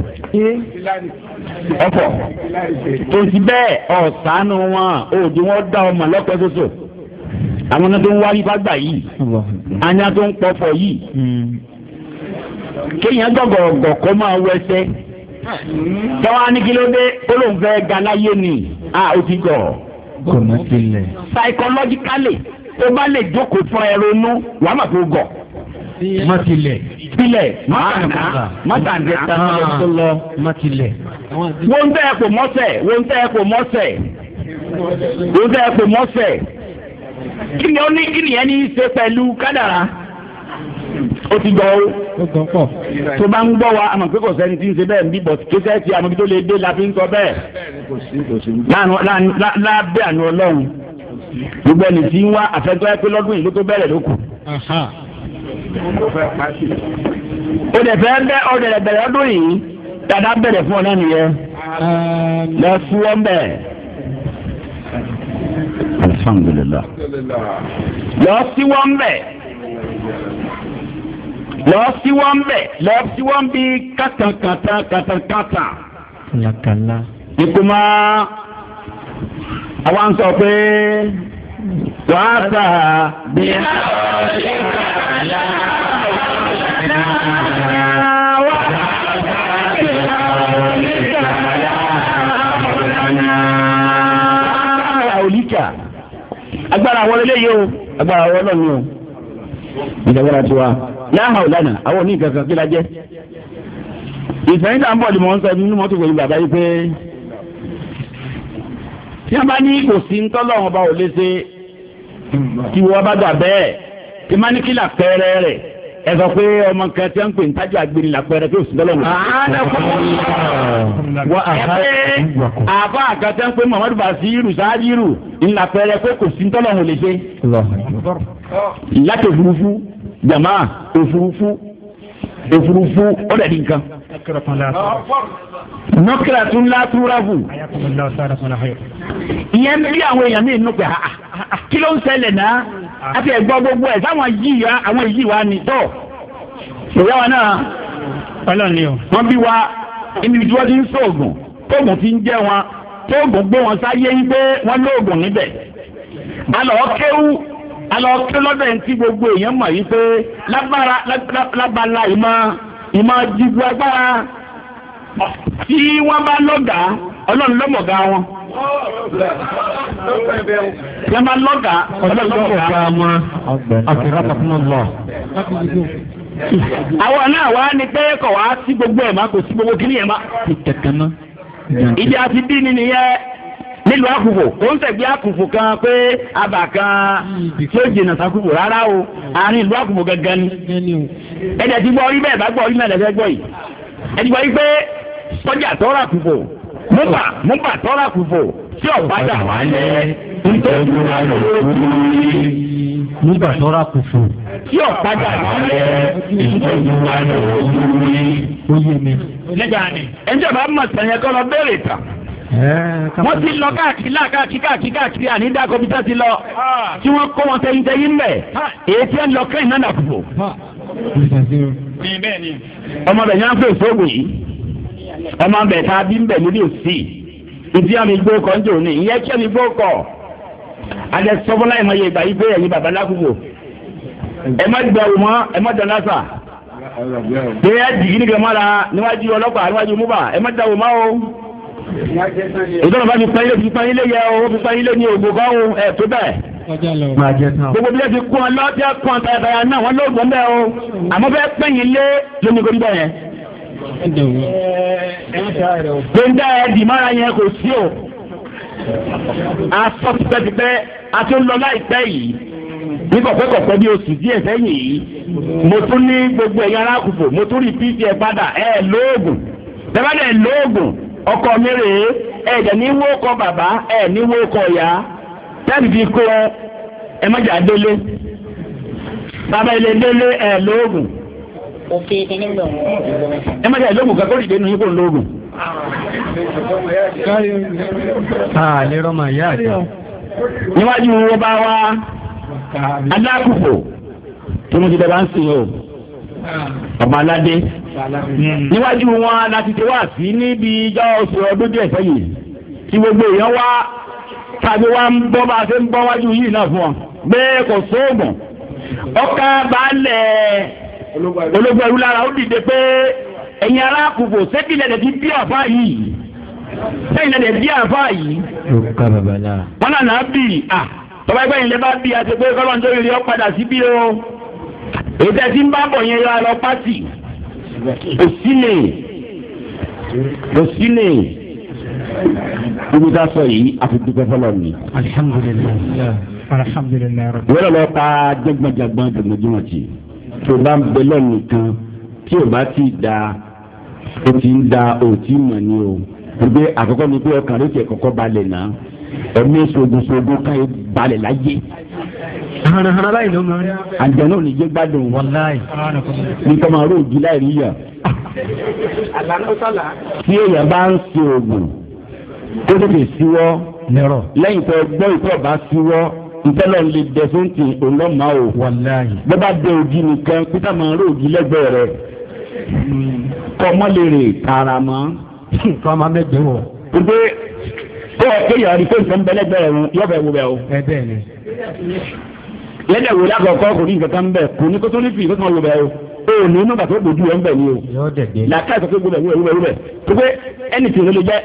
[SPEAKER 2] ọ̀fọ̀ tòun ti bẹ́ẹ̀ ọ̀sánú wọn òòdù wọn dá ọmọ lọ́pẹ́ soso àwọn kan tó ń wárí fágbà yìí àyà tó ń pọ̀fọ̀ yìí kéèyàn gbọ̀gbọ̀gbọ̀ kó máa wẹsẹ̀ tọ́wọ́ ní kí ló dé ó lóun fẹ́ ga láyé ni a ó ti gọ̀. psychologically tó bá lè jókòó fún ẹ ronú wàá mà tó gọ̀. Matilẹ̀. Tilẹ̀. Mátàná. Mátàná. Matilẹ̀. Wọ́n tẹ́ ẹ kò mọ́sẹ̀. Wọ́n tẹ́ ẹ kò mọ́sẹ̀. Wọ́n tẹ́ ẹ kò mọ́sẹ̀ kí ni ó ní kí nìyẹn ní í ṣe pẹ̀lú kádàrá ó ti gbọ́ ó tó bá ń gbọ́ wa àmọ̀ pé kò sẹ́ni tí ń ṣe bẹ́ẹ̀ ń bí bọ̀tí kí sẹ́ẹ̀ ti àmọ́ bí tó lè dé la fi ń sọ bẹ́ẹ̀ lábẹ́ àánú ọlọ́run gbogbo ẹni tí ń wá àfẹ́tọ́ ẹ pé lọ́dún yìí ló tó bẹ̀rẹ̀ ló kù. ó dẹ̀ fẹ́ bẹ́ ọ dẹ̀ yìí dada bẹ̀rẹ̀ fún ọ náà nìyẹn lọ fún ọ bẹ́ẹ̀ alhamdulilah. lọ sí wọn bẹ lọ sí wọn bẹ lọ sí wọn bí kàtàkàtà kàtàkàtà. yàtàlá. ikú máa àwa ń sọ pé wàá sà bí agbára àwọn eléyìí o agbára àwọn ọlọ́run o ìdàgbára ti wa láhà ọ̀lànà àwọn oní ìkankan kí la jẹ́ ìfẹ̀yìntà ń bọ̀ ni mò ń sọ nínú mọ́tò pẹ̀lú bàbá yìí pé tí wọ́n bá ní kò sí ńtọ́lọ́wọ́n bá ò léṣe tí wọ́n bá gbà bẹ́ẹ̀ tí má ní kí là pẹ́ẹ́rẹ́ rẹ̀ ẹ sọ pé ọmọ kan tí wọ́n ń pè ní tájú àgbèrè làpẹrẹ tó sì lọ́lọ́run. àbá àkàtà ń pè Muhammadu Basiru sáájírù ńlàpẹrẹ pé kò sí tọ́lọ́run lè ṣe. láti òfurufú jàmá òfurufú òfurufú ọ̀dà di nǹkan. nọ́kìlá tún látúráfù. ìyẹn bí àwọn èèyàn mi nù pé ah, ah, ah, kí ló ń ṣẹlẹ̀ náà àti ẹ̀gbọ́n gbogbo ẹ̀ sáwọn yìí wa àwọn yìí wa ni tọ́ ìyá wa náà wọ́n bí wa ibi tí wọ́n ti ń sóògùn tóògùn ti ń jẹ́ wọn tóògùn gbé wọn sáyé yín pé wọ́n lóògùn níbẹ̀ alọ́ kéwú alọ́ ké lọ́dọ̀ ẹ̀ ń tí gbogbo èèyàn mọ̀ yìí pé lábára lábala ìmọ̀ ìmọ̀ jìgbọ́ agbára tí wọ́n bá lọ́gàá ọlọ́run lọ́mọ̀gá wọn. Tí a bá lọ́gà ọlọ́gà ara wọn àkìrọ́pọ̀ fún ọlọ́. Àwọn náà wá ní pẹ́ẹ́kọ̀ wá sí gbogbo ẹ̀ má kò sí gbogbo kíní ẹ̀ má. Ìdí àti bí ni nìyẹn nílùú àkùfò ó ń tẹ̀gbé àkùfò kan pé abà kan tí ó jìnnà sàkùfò rárá o àárín ìlú àkùfò gangan ni. Ẹ̀dẹ̀ ti gbọ́ orí bẹ́ẹ̀ bá gbọ́ orí náà lẹ́fẹ́ gbọ́ yìí. Ẹ̀dẹ̀ gbọ́ yìí pé sọ́jà tó rà mọ́bà mọ́bà tọ́lá kùfò tí ọ̀padà wà lẹ́ nítorí wà lórí. mọ́bà tọ́lá kùfò tí ọ̀padà wà lẹ́ nítorí wà lórí. ó yé mi. nígbà ni bá mọ̀ sẹ́yìn kọ́ lọ bẹ́ẹ̀rẹ̀ tà. ti lọ káàkiri láàkáàkiri káàkiri káàkiri àní dákọ̀bítà ti lọ tí wọ́n kọ́ wọn tẹ́yìn tẹ́yìn mẹ́ èyí tí wọ́n lọ kẹ́yìn náà nà kùfò. ọmọ rẹ̀ yẹn á fẹ́ ìfowópamọ́ yìí ọmọ bẹ̀ tá a bí ń bẹ̀ lórí òsì ìdí àmì gbó kọ́ ń jò ní ìyẹn kí ẹni gbó kọ́ àjẹ sọfúnlá ìmọ̀ yẹ ìgbà yìí pé ẹ̀yin bàbá lákòókò ẹ má gbẹ̀wò mọ́ ẹ má dáná sà
[SPEAKER 1] pé ẹ jìgì nígbà
[SPEAKER 2] mọ́ra níwájú ọlọ́pàá níwájú múbà ẹ má dáwò mọ́ o ìjọba bá mi pa ilé fi pa ilé yẹ o fi pa ilé ní ògùn kan o ẹ tó bẹ́ẹ̀ gbogbo bí ẹ ti kún ọ lọ́ọ́ tí ẹ kún ọ tayataya náà wọ́n lóògùn bẹ́ẹ̀ o àmọ́ bẹ́ẹ̀ pẹ́yìn lé lónìí kò ní bẹ́ẹ̀ yẹn. gbẹ̀ndà ẹ̀dì mára yẹn kò sí o asọ tipẹ́tipẹ́ àti ńlọ láìpẹ́ yìí ní kọ̀pẹ́kọ̀pẹ́ bí oṣù díẹ̀ sẹ́yìn yìí mo tún ní gbogbo ẹ̀yà arákùfò mo tún rí pípì ẹ̀ padà ẹ̀ lóògùn lóògùn ọkọ mi rèé ẹ̀ ní wó kọ bàbá ẹ̀ ní wó kọ ìyá tẹ́lifí fi kó ẹ mọ́jà délé bàbá ilé délé ẹ̀ lóògùn. òfin kíní gbọ̀n. ẹ má ṣe àìlóògùn kan kó lè dénú yín kó ń lóògùn. àlè rọmọ ìyá àti. níwájú owó bá wá adákùfò tí mo ti dẹ̀ bá ń sìn o ọmọ aládé níwájú wọn láti ti wá sí níbi ìjọ oṣù ọdún díẹ̀ sẹ́yìn tí gbogbo èèyàn wá tàbí wá ń bọ́ bá a ṣe ń bọ́ wájú yìí náà fún ọ bẹ́ẹ̀ kò sóògùn ọkà baálẹ̀ ológun ẹrú lára ó dìde pé ẹ̀yin alákùbò sẹ́kìlẹ̀ ti bí àfa yìí sẹ́kìlẹ̀ ti bí àfa yìí. wọn nana bí a tọ́ba ẹgbẹ́ yìí lè bá bí a ti pé kọ́lọ́n tó rí ọ padà sí bí o èyí tẹ́ ti ń bá bọ̀ yẹn yọ alọ́ pátì òsínè òsínè ibi tá a sọ yìí a fi dúpẹ́ fọlọ́ mi. alihamudulilayi alihamudulilayi. wẹ́rẹ́ lọ ka jẹgbẹjẹgbẹ jẹgbẹjẹmọ ti tó bá ń bẹ lọ́ọ̀ nìkan tí ò bá ti da ó ti ń da ó ti mọ̀ ni o gbogbo àkọ́kọ́ ni pé ọkàn ló tiẹ̀ kọ́kọ́ balẹ̀ náà ẹ̀mí ṣogun-ṣogun káyọ̀ balẹ̀ láyé. hanahana láì ló máa rí. àjọ náà ní jẹ́ gbádùn. wàláì. ní kọ́ máa róògì láì rí yà. tí èèyàn bá ń ṣe oògùn tó tètè síwọ́ lẹ́yìn tó gbọ́ ìtọ́ bá síwọ́ ntẹ́lọ̀ lè dẹ fún ti ọlọ́mà o bẹ́ẹ̀ bá dé ògì nìkan pété máa ró ògì lẹ́gbẹ̀ẹ́ rẹ̀ kọ́mọ́ lè rè tààrà mọ́. kọ́mọ́ mẹ́gbẹ́ wọ̀. pé kó o kéèyàn rí pé nǹkan bẹ lẹ́gbẹ̀ẹ́ rẹ̀ yọ bẹ̀ wù bẹ̀ o. ẹ bẹ́ẹ̀ ni.
[SPEAKER 1] yẹ́dẹ̀ wò lákọ̀ọ́kọ́ kò
[SPEAKER 2] ní nǹkan kan bẹ̀ kò ní kó ní fi kó wù bẹ̀ o o ní nígbà tó gbòdú ẹ̀ ń bẹ̀ ni o làákà ìsọ̀kè gbòdú ẹ̀ wúlò wúlò tó pé ẹnì tí ìrẹ́lẹ̀ jẹ́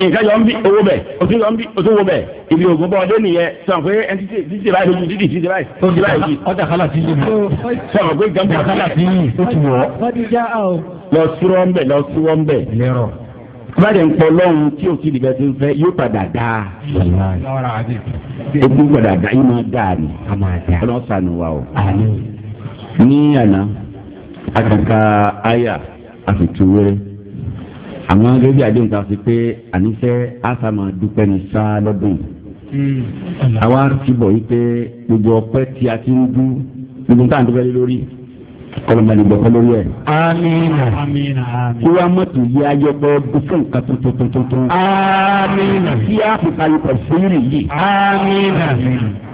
[SPEAKER 2] nǹkan yọ ń bí owó bẹ̀ o tún yọ ń bí o tún wo bẹ̀ ibi ògùn bọ́ ọdẹ nìyẹn sọ̀rọ̀ pé ẹni tí ti báyìí ojú títì ti báyìí ti báyìí. ọjà kálá ti yé mi. sọ̀rọ̀ pé gàmù kálá ti yé mi. lọ súrọ́ ń bẹ̀ lọ súrọ́ ń bẹ̀. báyìí ń pọ̀ lọ́hùn tí o ti dìbẹ́ ti ń fẹ́ yóò padà dáa. egun padà dáa yóò máa dáa ni. ọlọ́sàn-án wa o. ní àná àyà àfìtúwéré àwọn gẹ́gẹ́ àdéhùn ta fi pé àníṣe àsàmà dúpẹ́ ní sá lọ́dún àwa ti bọ̀ yí pé gbogbo ọpẹ́ tí a ti ń dú gbogbo kọlọmọlẹ gbọkọ lórí ẹ. amiina amiina amiina. kí wàá mọ̀tò yí ayọ́gbọ́ fún nǹkan tuntun tuntun tuntun. amiina. kí a fi kalùkọ fúnrì yìí. amiina.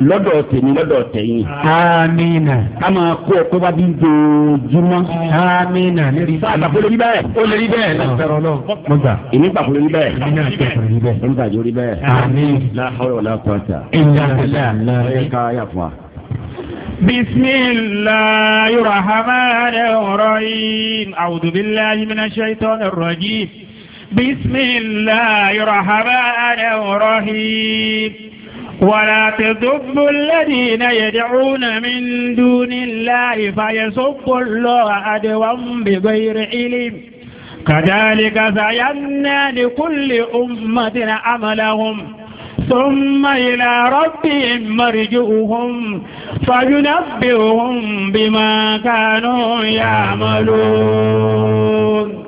[SPEAKER 2] lọ́dọ̀ tèmi lọ́dọ̀ tẹ̀yìn. amiina. a máa kó ẹ̀kọ́ bá bí dojúmọ́. amiina. sábà kó lórí bẹ́ẹ̀. ó lórí bẹ́ẹ̀. lọ́sọ̀rọ̀ lọ. mo gbà. èmi gbà kó lórí bẹ́ẹ̀. èmi náà gbà kó lórí bẹ́ẹ̀. èmi gbà kó lórí bẹ́ẹ̀. amiina. láhàrọ̀ lákọ̀ọ́ta. ìyá بسم الله الرحمن الرحيم أعوذ بالله من الشيطان الرجيم بسم الله الرحمن الرحيم ولا تذب الذين يدعون من دون الله فيصب الله أدوا بغير علم كذلك زينا لكل أمة عملهم ثم إلى ربهم مرجعهم فينبئهم بما كانوا يعملون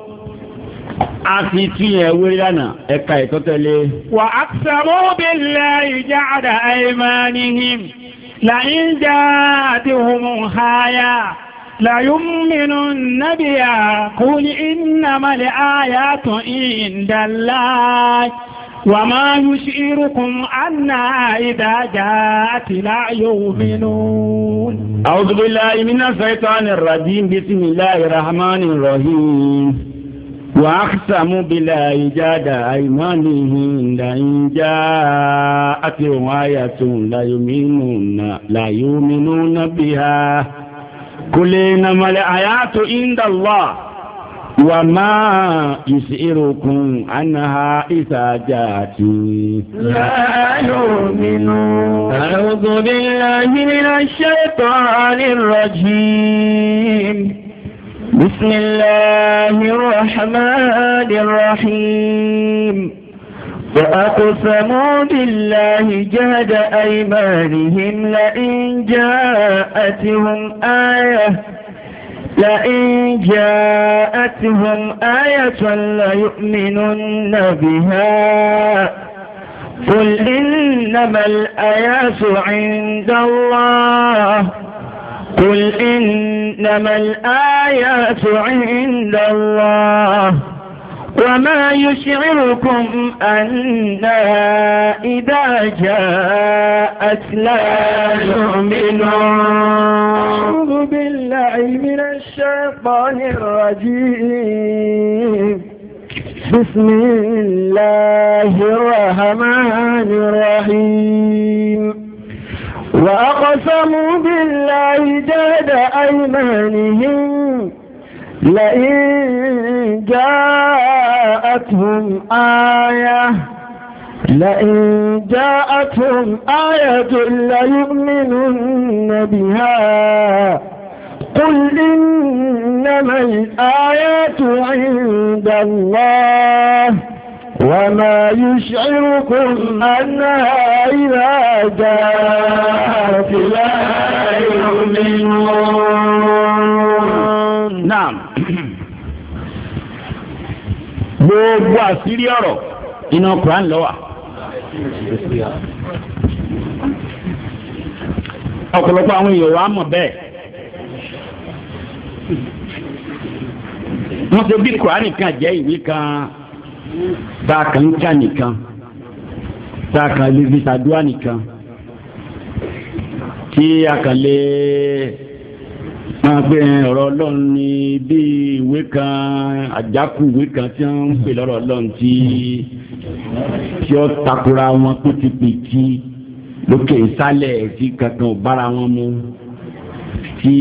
[SPEAKER 2] a fi tún yẹn wé lánàá ẹ̀ka ẹ̀tọ́ tẹ̀lé. wà á sàmú billahi ja'da aymanihim la'in ja'atuhum haya ليؤمنن بها قل إنما الآيات عند الله وما يشعركم أن إذا جاءت لا يؤمنون أعوذ بالله من الشيطان الرجيم بسم الله الرحمن الرحيم وأقسموا بالله جاد أيمانهم لئن جاءتهم آية ليؤمنون ليؤمنون بها قل إنما الآيات عند الله وما يسئركم عنها إذا جاتي لا يؤمنون أعوذ بالله من الشيطان الرجيم بسم الله الرحمن الرحيم فأقسموا بالله جهد أيمانهم لئن جاءتهم آية لئن جاءتهم آية ليؤمنن بها قل إنما الآيات عند الله قل إنما الآيات عند الله وما يشعركم أنها إذا جاءت لا يؤمنون أعوذ بالله من الشيطان
[SPEAKER 1] الرجيم بسم الله
[SPEAKER 2] الرحمن الرحيم وأقسموا بالله جهد أيمانهم لئن جاءتهم آية لئن جاءتهم آية
[SPEAKER 1] ليؤمنن بها قل إنما الآيات عند الله وما يشعركم أنها إذا جاءت
[SPEAKER 2] لا يؤمنون gbogbo àṣírí ọ̀rọ̀ iná Quran lọ́wà. ọ̀pọ̀lọpọ̀ àwọn èèyàn wa mọ̀ bẹ́ẹ̀. wọ́n ṣe bí Quran kan jẹ́ ìwé kan tá a kan ń kà nìkan tá a kan lè fi ṣàdúrà nìkan tí a kan lè. Le máa gbé ọ̀rọ̀ ọlọ́run ní bí ìwé kan àjákù ìwé kan tí wọ́n ń pè lọ́rọ̀ ọlọ́run tí tí ó takora wọn tó ti pè tí lókè ìsàlẹ̀ tí kankan ò bára wọn mu tí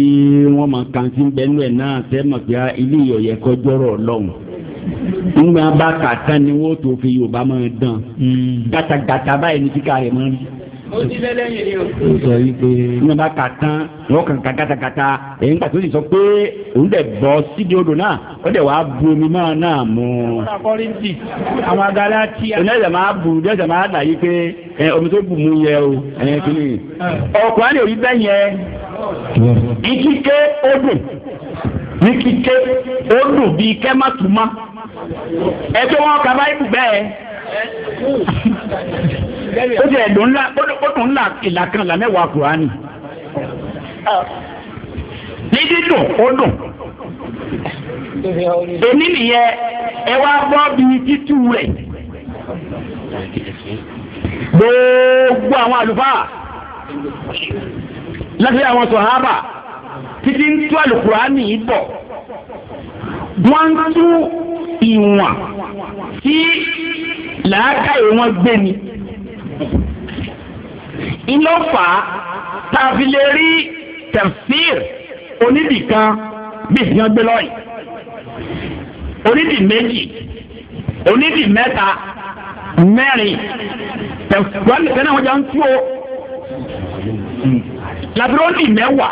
[SPEAKER 2] wọ́n máa kan sí bẹ́ẹ̀nu ẹ̀ náà tẹ́ pé ilé ìyọ̀yẹ̀ kọjọ́rọ̀ ọlọ́run nígbà bá kà tán ni wọ́n tó fi Yorùbá máa dán hmm. gàtàgàtà báyìí ní kíkà rẹ̀ máa rí. mo ti lẹ́lẹ́yìn ni o. ní ọba kà tán wọn kàn kà èyí ń pàtó sì sọ pé òun dẹ̀ bọ́ odò náà ó dẹ̀ wàá bu omi náà náà mu. àwọn agala ti. máa bu ẹ̀sẹ̀ máa dà yìí pé omi tó bù mú yẹ o ọkùnrin òbí bẹ́ẹ̀ yẹn ó ti ẹ̀dùn ńlá ó tún ńlá ìlà kan là mẹ́wàá kùránì. ní dídùn ó dùn. èmi nìyẹn ẹ wá gbọ́ bíi títú rẹ̀. gbogbo àwọn àlùfáà láti àwọn sọ̀hábà títí ń tú àlùkùránì yìí bọ̀
[SPEAKER 1] wọ́n ń tú ìwọ̀n tí. làákàyè wọn gbé ni iná fà á
[SPEAKER 2] tàbí lè rí tafsir onídìkan bí ìyàn gbé lọ́yìn onídìí méjì onídìí mẹ́ta
[SPEAKER 1] mẹ́rin tẹ̀síwájú tẹ́lẹ̀ wọ́n jà ń tú o làbíròdì mẹ́wàá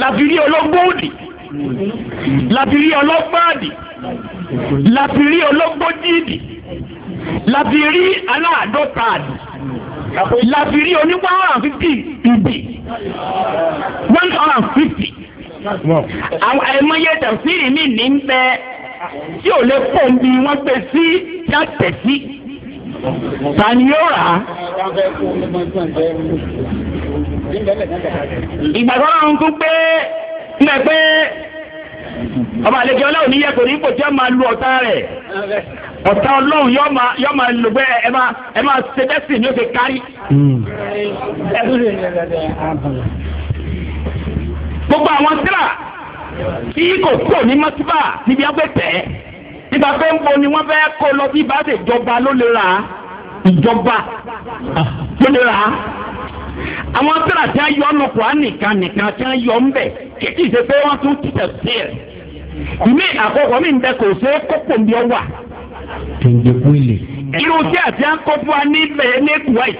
[SPEAKER 1] làbírí ọlọ́gbọ́ọ̀dì
[SPEAKER 2] làbírí ọlọ́gbọ́ọ̀dì
[SPEAKER 1] láti
[SPEAKER 2] rí ológójì ìdì láti rí aláàdọ́ta àdì láti rí oní one hundred and fifty ìdì one hundred and fifty àwọn àìmọye tẹ̀síì mi ní ń bẹ tí ò lè pọ̀ ń bí wọ́n gbé sí jáde sí
[SPEAKER 1] tani yóò rà á.
[SPEAKER 2] ìgbàgbọ́ àwọn tó gbé ń bẹ pé
[SPEAKER 1] ọba àlejò ọlọ́run níyẹ kò
[SPEAKER 2] ní kò tí ó máa lu ọ̀tá rẹ̀ ọ̀tá ọlọ́run yóò máa lò pé ẹ máa ẹ máa ṣe bẹ́sì ni ó ṣe kárí. gbogbo àwọn síra tí kò kúrò ní mọ́tíbà níbi afẹ́tẹ́ nígbà pé ń bo ni wọ́n fẹ́ kó lọ bí ìbáṣe ìjọba ló lè ra ìjọba ló lè ra àwọn síra tí wọ́n yọ ọ́nà kùránì kan nìkan tí wọ́n yọ ọ́ ń bẹ̀ kìkì ṣe pé wọ́n tún ti tẹ̀sí ẹ̀. ìmí àkọ́kọ́ mi ń bẹ kò ṣe é kókò ń bí ọ wà.
[SPEAKER 1] tèǹdé kúìlì.
[SPEAKER 2] irú tí àti àńkọ́ fún wa níbẹ̀ ní Kuwait.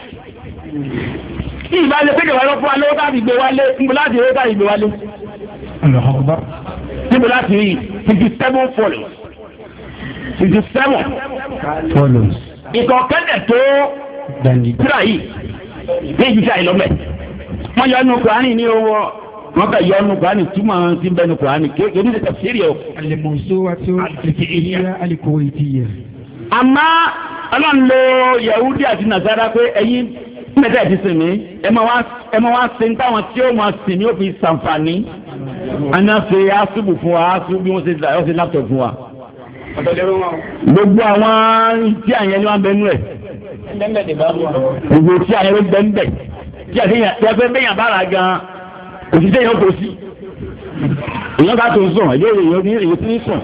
[SPEAKER 2] tí ìbá ṣe péjọ wáyé fún wa lówó táàbì gbé wálé níbo láti lówó táàbì gbé wálé. níbo láti rí fifty seven follows fifty seven follows. ìkọ̀kẹ́lẹ̀ tó tíra yìí ní ìjíṣà ìlọ́mẹ̀. wọ́n yọ ọ́ nù kúránì ní owó wọn kà yọ ọnu kùránì túmọ̀ sí bẹ́ẹ̀ ni kùránì kéèké ní ìtẹ̀sí rẹ̀ o. àlèmọ̀só àti àlèkèyíyá àlèkòwé ti yẹ. àmọ́ ọlọ́run yahudi àti nasara pé ẹ̀yin mẹ́tẹ́ ti sìn mí ẹ máa wá sin táwọn tí ó máa sìn ní ó fi sàǹfààní. àná ṣe fún wa aṣubú bí wọ́n ṣe láptọ̀ fún wa. gbogbo àwọn tí àyẹn ni wọ́n bẹ nú ẹ̀. gbogbo tí àyẹn ló bẹ ń bẹ̀ tí àyẹn bẹ́ẹ̀ yàn bára gan òṣìṣẹ́ yẹn kò sí èyàn bá tó ń sùn ìbéèrè èyàn ní èyàn tí ń sùn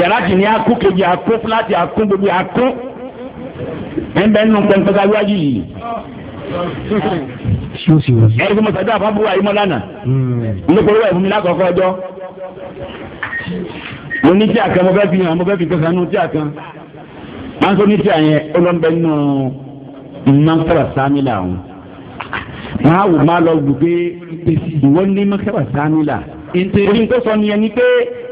[SPEAKER 2] yàrá ti ní akó kejì akó fúláàtì akó gbogbo akó hmm. ẹ̀ ń bẹ́ẹ̀ nínú pẹ́ńpẹ́ ká wáyé yìí ẹ̀rí fún mọ̀sájú àfábù àyímọ́lánà nípòlówó ẹ̀fún mi lákọ̀ọ́kọ́ ọjọ́
[SPEAKER 1] mo ní tí a kan mo fẹ́
[SPEAKER 2] fi hàn mo fẹ́ fi kankan nù tí a kan máa ń sọ ní tí a yẹn ó lọ ń bẹ nínú nǹkan sára sámi làwọn máa wò máa lọ gbùgbé ìwọ ní mọ́kẹ́wà sánú là. orí tó sọ nìyẹn ni pé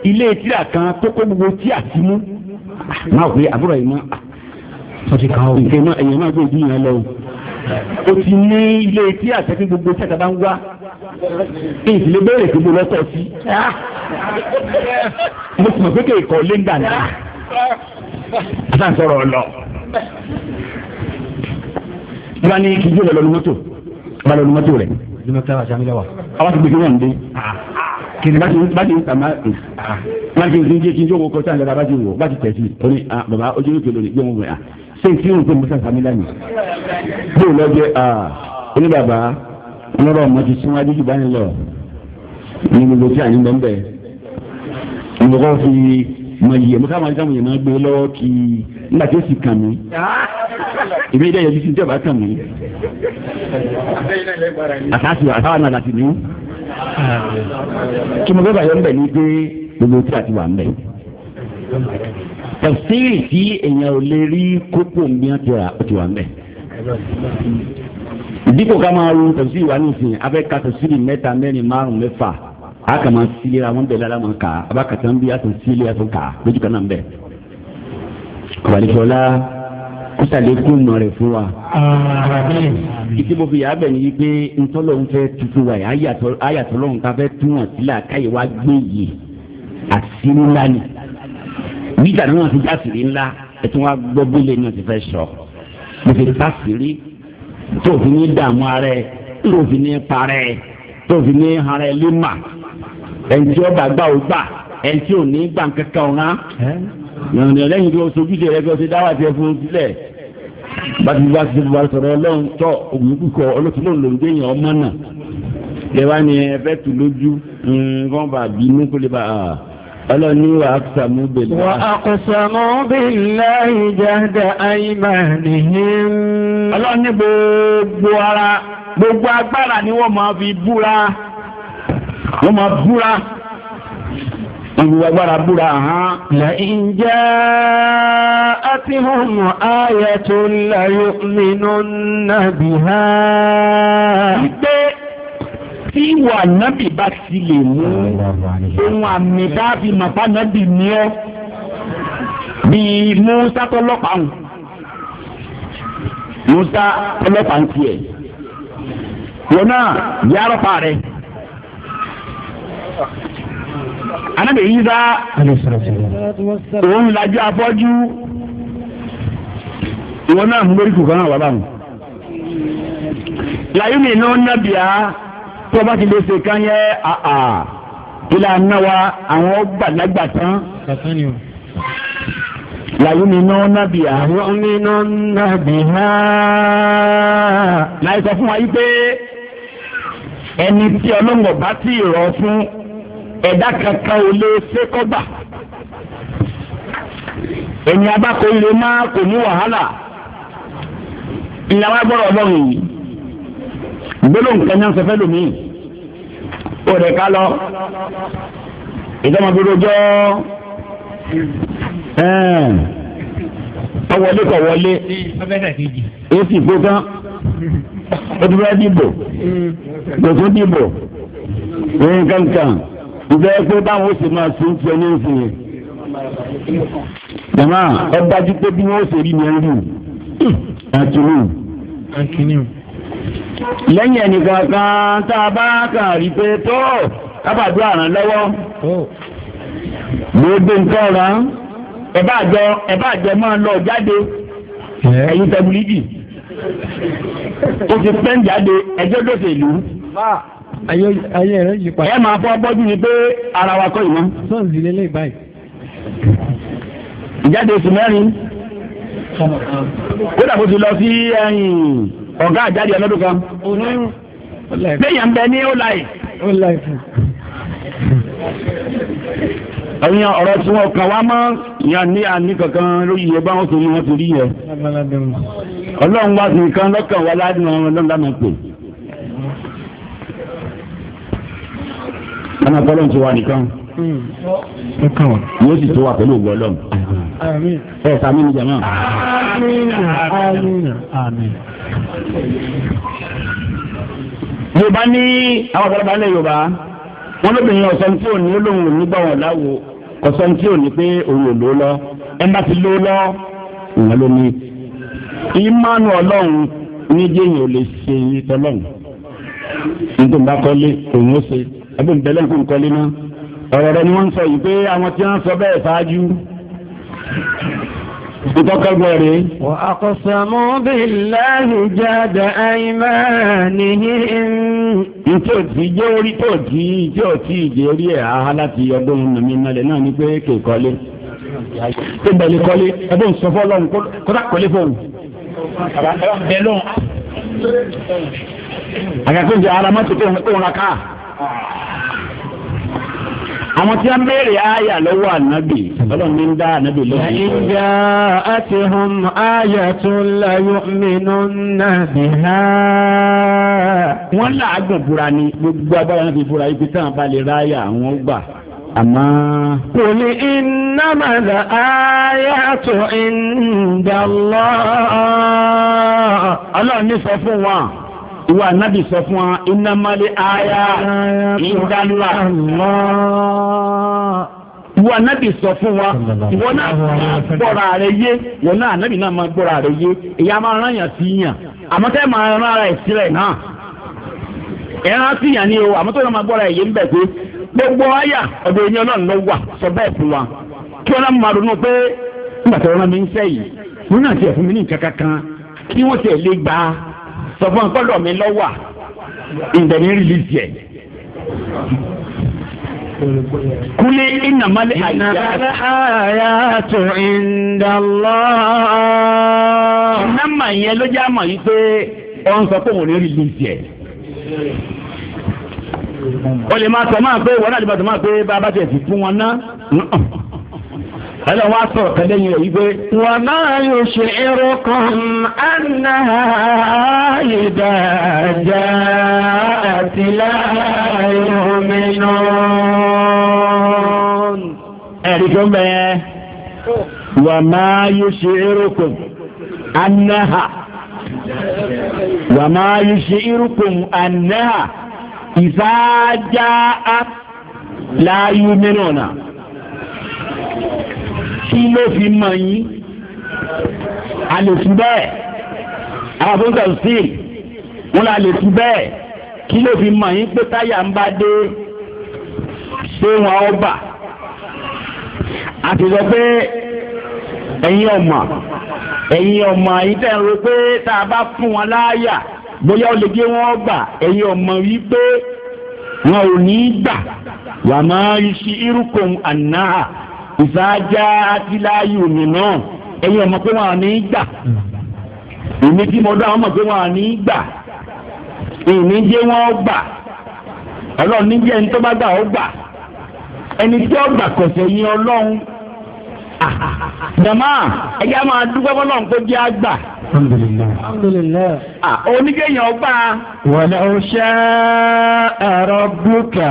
[SPEAKER 2] ilé tíra kan tó kó gbogbo tí a ti mú. máa wò pé àbúrò yìí máa sọtí kan o. nǹkan náà ẹ̀yẹ̀ máa gbé ojú yẹn lọ o. o ti ní ilé tí a tẹ́kí gbogbo tí a tàbá ń wá. ìdílé bẹ́ẹ̀rẹ̀ tó gbó lọ́tọ̀ sí. mo sì mọ̀ pé kéèkọ́ lé ń gbà náà. sọ̀rọ̀ ọ lọ. ìwà ni kìí jẹ́ lọ́lọ́ ní mọ́tò balẹ̀ ni mọ́tò rẹ̀. awa ti gbèsè wọn dé. kìnìún bá ti bá ti tàmá bá ti ń ah. jẹ́ kí n jókòó kọjá nígbà bá ti wò bá ti tẹ̀ sí i. ó ní bàbá ojú ló kele ni. bóun lọ jẹ oní bàbá ọlọ́rọ̀ ọmọ ti sún wájú jù bá ń lọ ní gbogbo tí à ń bọ̀ ń bẹ̀. ìmọ̀kọ́ fi mọ̀ yìí ẹ̀mọ́ká máa nígbà tí ó sì kàn mí èmi dẹ́ yẹbi sí tí ọba kàn mí àtàtì àtàwọn náà láti ní. kí mo fẹ́ bàyọ̀ ń bẹ̀ ní pé gbogbo tí a ti wà ń bẹ̀. tafsiri tí èèyàn ò lè rí kókó nbíyàn tí a ti wà ń bẹ̀. dípò ká máa ro tafsiri wa nísìnyí abẹ́ ka tafsiri mẹ́ta mẹ́rin márùn mẹ́fà a kà máa sílẹ̀ àwọn bẹ̀rẹ̀ la máa kà abakata ń bí a tún sílẹ̀ a tún kà lójú kan náà ń bẹ̀ àbàlẹ́fọ́lá kó sàlékún ìmọ̀ rẹ̀ fún wa. ìdí mo fi yà á bẹ̀ ni pé ntọ́lọ́hún fẹ́ tuntun wa yìí ayàtọ́lọ́hún ká fẹ́ túwọ̀n sílẹ̀ káyé wa gbé yìí àṣírí ńlá ni bí ìjà náà ti jáṣírí ńlá ẹtún wa gbọ́ bílẹ̀ náà ti fẹ́ sọ mo fi táṣírí tó fi ní dààmú ara ẹ tó fi ní parẹ́ tó fi ní ara ẹ lé mà ẹnití ọba gbà ó gbà ẹnití yọ̀nà lẹ́yìn tó sojúde rẹ kí o ṣe dáwà tiẹ̀ fún un sílẹ̀ bàtí bá ti bá sọ̀rọ̀ ọlọ́run tọ́ ògùn kíkọ ọlọ́tún lòun ló ń gbé yàn ọmọ náà lẹ́wà ni ẹ fẹ́ tù lójú nǹkan bá bínú kó lè bá a ọlọ́ni wà á sàmú bèlè. wà á kò sàmú bèlè ìjàdá àyìnbá nìyẹn. ọlọ́ni gbogbo ara gbogbo agbára ni wọ́n máa fi búra wọ́n máa búra ìwúwagbára búra hàn. lẹ́yìn jẹ́ àtìhùn ayẹ tó láyọ̀ nínú nàbì ha. ìgbé tí ìwà nábì bá ti lè mú ohun àmì dábì màpá nábì ní ọ́ bíi musa tọlọ́pàá ń musa tọlọ́pàá ń tiẹ̀ wọn náà yàrá pa rẹ̀. anábì yíza òun lajú afọ́jú ìwọ náà mú lórí kùkọ́ náà wà báwọn. làyúmi náà nàbìá tó bá ti lè ṣe kán yẹ àà ilé anáwa àwọn gbàdágbà tán. làyúmi náà nàbìá. làyúmi náà nàbìá. láì sọ fún wa yí pé ẹni tí ọlọ́ngọ̀ bá ti rọ̀ fún ẹ̀dá kankan ò lè ṣe kọ́gbà ènìyàn bá kò lè má kò ní wàhálà ìyàwó agbọ́rọ̀ ọlọ́run yìí gbólóhùn kan náà sọfẹ́ lómi ò rẹ̀ ká lọ ìjọmọbìnrin ọjọ́ ọwọlé kọ wọlé èsì gbógán ó ti bá dìbò gbèsè dìbò nǹkan kan ìfẹ́ pé báwọn ó sì máa sun tiẹ̀ ní ìsìn yẹn. jama ẹ dájú pé bí wọn ó ṣe rí ni ẹ ń rí àtúnú. lẹ́yìn ẹnìkan kan tá a bá kàn rí pé tó kábàdúrà àràn lọ́wọ́ gbogbo nǹkan ọ̀ràn ẹ bá jọ ẹ bá jọ máa lọ jáde ẹ̀yin tẹ̀bùlì jì ó ti pẹ́ ń jáde ẹjọ́ dòṣèlú ayé rẹ yí padà. ẹ máa fọ bọ́jú ni pé ara wa kọ́ ìmọ̀. sọ́ọ̀sì lélẹ̀ báyìí. ìjáde oṣù mẹ́rin kódà kó ti lọ sí ọ̀gá àjáde ọlọ́dún kan. lẹ́yìn àbẹ ní ó láì. ó láì fún. ẹ̀yin ọ̀rọ̀ tí wọ́n kàn wá mọ́ ìyá ní àní kankan lórí iye báwọn sọ ni wọ́n ti rí yẹ. ọlọ́run wá sí nǹkan lọ́kàn wá ládùn ọlọ́run lánàá pè. ana bọ́lọ́n ti wà nìkan hmm. yóò sì tó wà pẹ̀lú ògbọ́lọ́n. ẹ sàmì ni jàmá. yorùbá ní àwọn ọ̀pọ̀lọpọ̀ alẹ́ yorùbá wọn lóbìnrin ọ̀sán tí ò ní olóhùn nígbà wọn láwo ọ̀sán tí ò ní pé òun ò lò lọ ẹ bá ti lò lọ ìyẹn ló ní. ìmánu ọlọ́run ní jẹ́yìn ò lè ṣe iye tọ́lọ́run nítorí bá kọ́lé òun ó ṣe ẹgbẹ́ ìbẹ̀lẹ̀ nǹkan kọ́lé náà ọ̀rọ̀ rẹ ni wọ́n ń sọ yìí pé àwọn tí wọ́n sọ bẹ́ẹ̀ ṣáájú ìtọ́kẹ́gbẹ́ rẹ̀. wà á kò sàmú bí láàyè jáde àìmá nìyí. ìtí òtí jẹ́ orí tó tí ìtí òtí ìjẹ́ orí ẹ̀ aha láti ọdún nàmí nalẹ̀ náà ni pé kè kọ́lé.
[SPEAKER 1] tó bẹ̀lẹ̀ kọ́lé ẹgbẹ́ ìsọfọ́
[SPEAKER 2] lọ́hùn kódà kọ́lé fóun. bẹ́ẹ̀ lọ́hùn.
[SPEAKER 1] àgàkùn jẹ́ aramọ́tò
[SPEAKER 2] tó ń ra káà. àwọn tí a ń béèrè àyà lọ́wọ́ ànábì ọlọ́run ní ń dá ànábì lọ́wọ́. ìjà àti hum àyà tún la yu'minunna biha. wọ́n búra ni gbogbo agbára náà fi búra ibi táwọn bá lè ráyà àwọn gbà àmọ́. kò ní iná sọ fún wọn. Wa nabi sọ fún wa iná mali aya ìdánlá ìwà nábì sọ fún wa ìwọ náà gbọ́ra rẹ yé ìwọ náà nábì náà máa gbọ́ra rẹ yé ìyá máa rán yàn sí yàn àmọ́ tẹ́ máa rán ara ẹ̀ sílẹ̀ náà ẹ̀ rán sí yàn ni o àmọ́ tó náà máa gbọ́ra ẹ̀ yé ń bẹ̀ pé gbogbo àyà ọ̀dọ̀ ẹ̀yìn ọlọ́run ló wà sọ bẹ́ẹ̀ fún wa kí ọlọ́run máa ronú pé nígbà tí ọlọ́run mi ń sẹ́yìn wọn náà ti fún mi ní nǹkan kankan kí wọ́n ti ẹ̀ lè sọ fún akọ́lọ́ mi lọ́wà ìdẹ̀ni rìlíìsì ẹ̀. Kule innama al-hayatu inda Allah. Nàmà yẹn ló já mà yìí pé ọ̀n sọ pé òun ní rìlíìsì ẹ̀. O lè máa sọ máa pé ìwọ náà lè máa sọ máa pé bàbá tiẹ̀ ti fún wọn náà ẹlẹ́ wá sọ̀rọ̀ kan lẹ́yìn rẹ̀ wípé. wà máa yóò ṣe irú kan àná ìdájà àti láàyòmínú. ẹ̀rí tó ń bẹ̀ wà máa yóò ṣe irú kan àná wà máa yóò ṣe irú kan àná ìsájà láàyòmínú náà kí ló fi mọ yín a lè fi bẹ́ẹ̀ àwọn àbúntà steel wọn la lè fi bẹ́ẹ̀ kí ló fi mọ yín pé táyà ń bá dé ṣé wọn ó bà àti sọ pé ẹ̀yin ọmọ ẹ̀yin ọmọ yìí tẹ̀ ń ro pé tá a bá fún wọn láàyà bóyá ó lè gé wọn gbà ẹ̀yin ọmọ wípé wọn ò ní í gbà wà máa ń ṣe ìsáájá a mi náà ẹ̀yin ọmọ pé wọn à ní í gbà èmi tí mo dá ọmọ pé wọn à ní í gbà ìní jẹ́ wọn ó gbà ọlọ́run níbi ẹni tó bá gbà ó gbà ẹni tí ó gbà kọ̀sẹ̀ yín ọlọ́run jama ẹ̀yà máa dúpẹ́ fọlọ́run tó alhamdulilayi. o ṣe é búkà.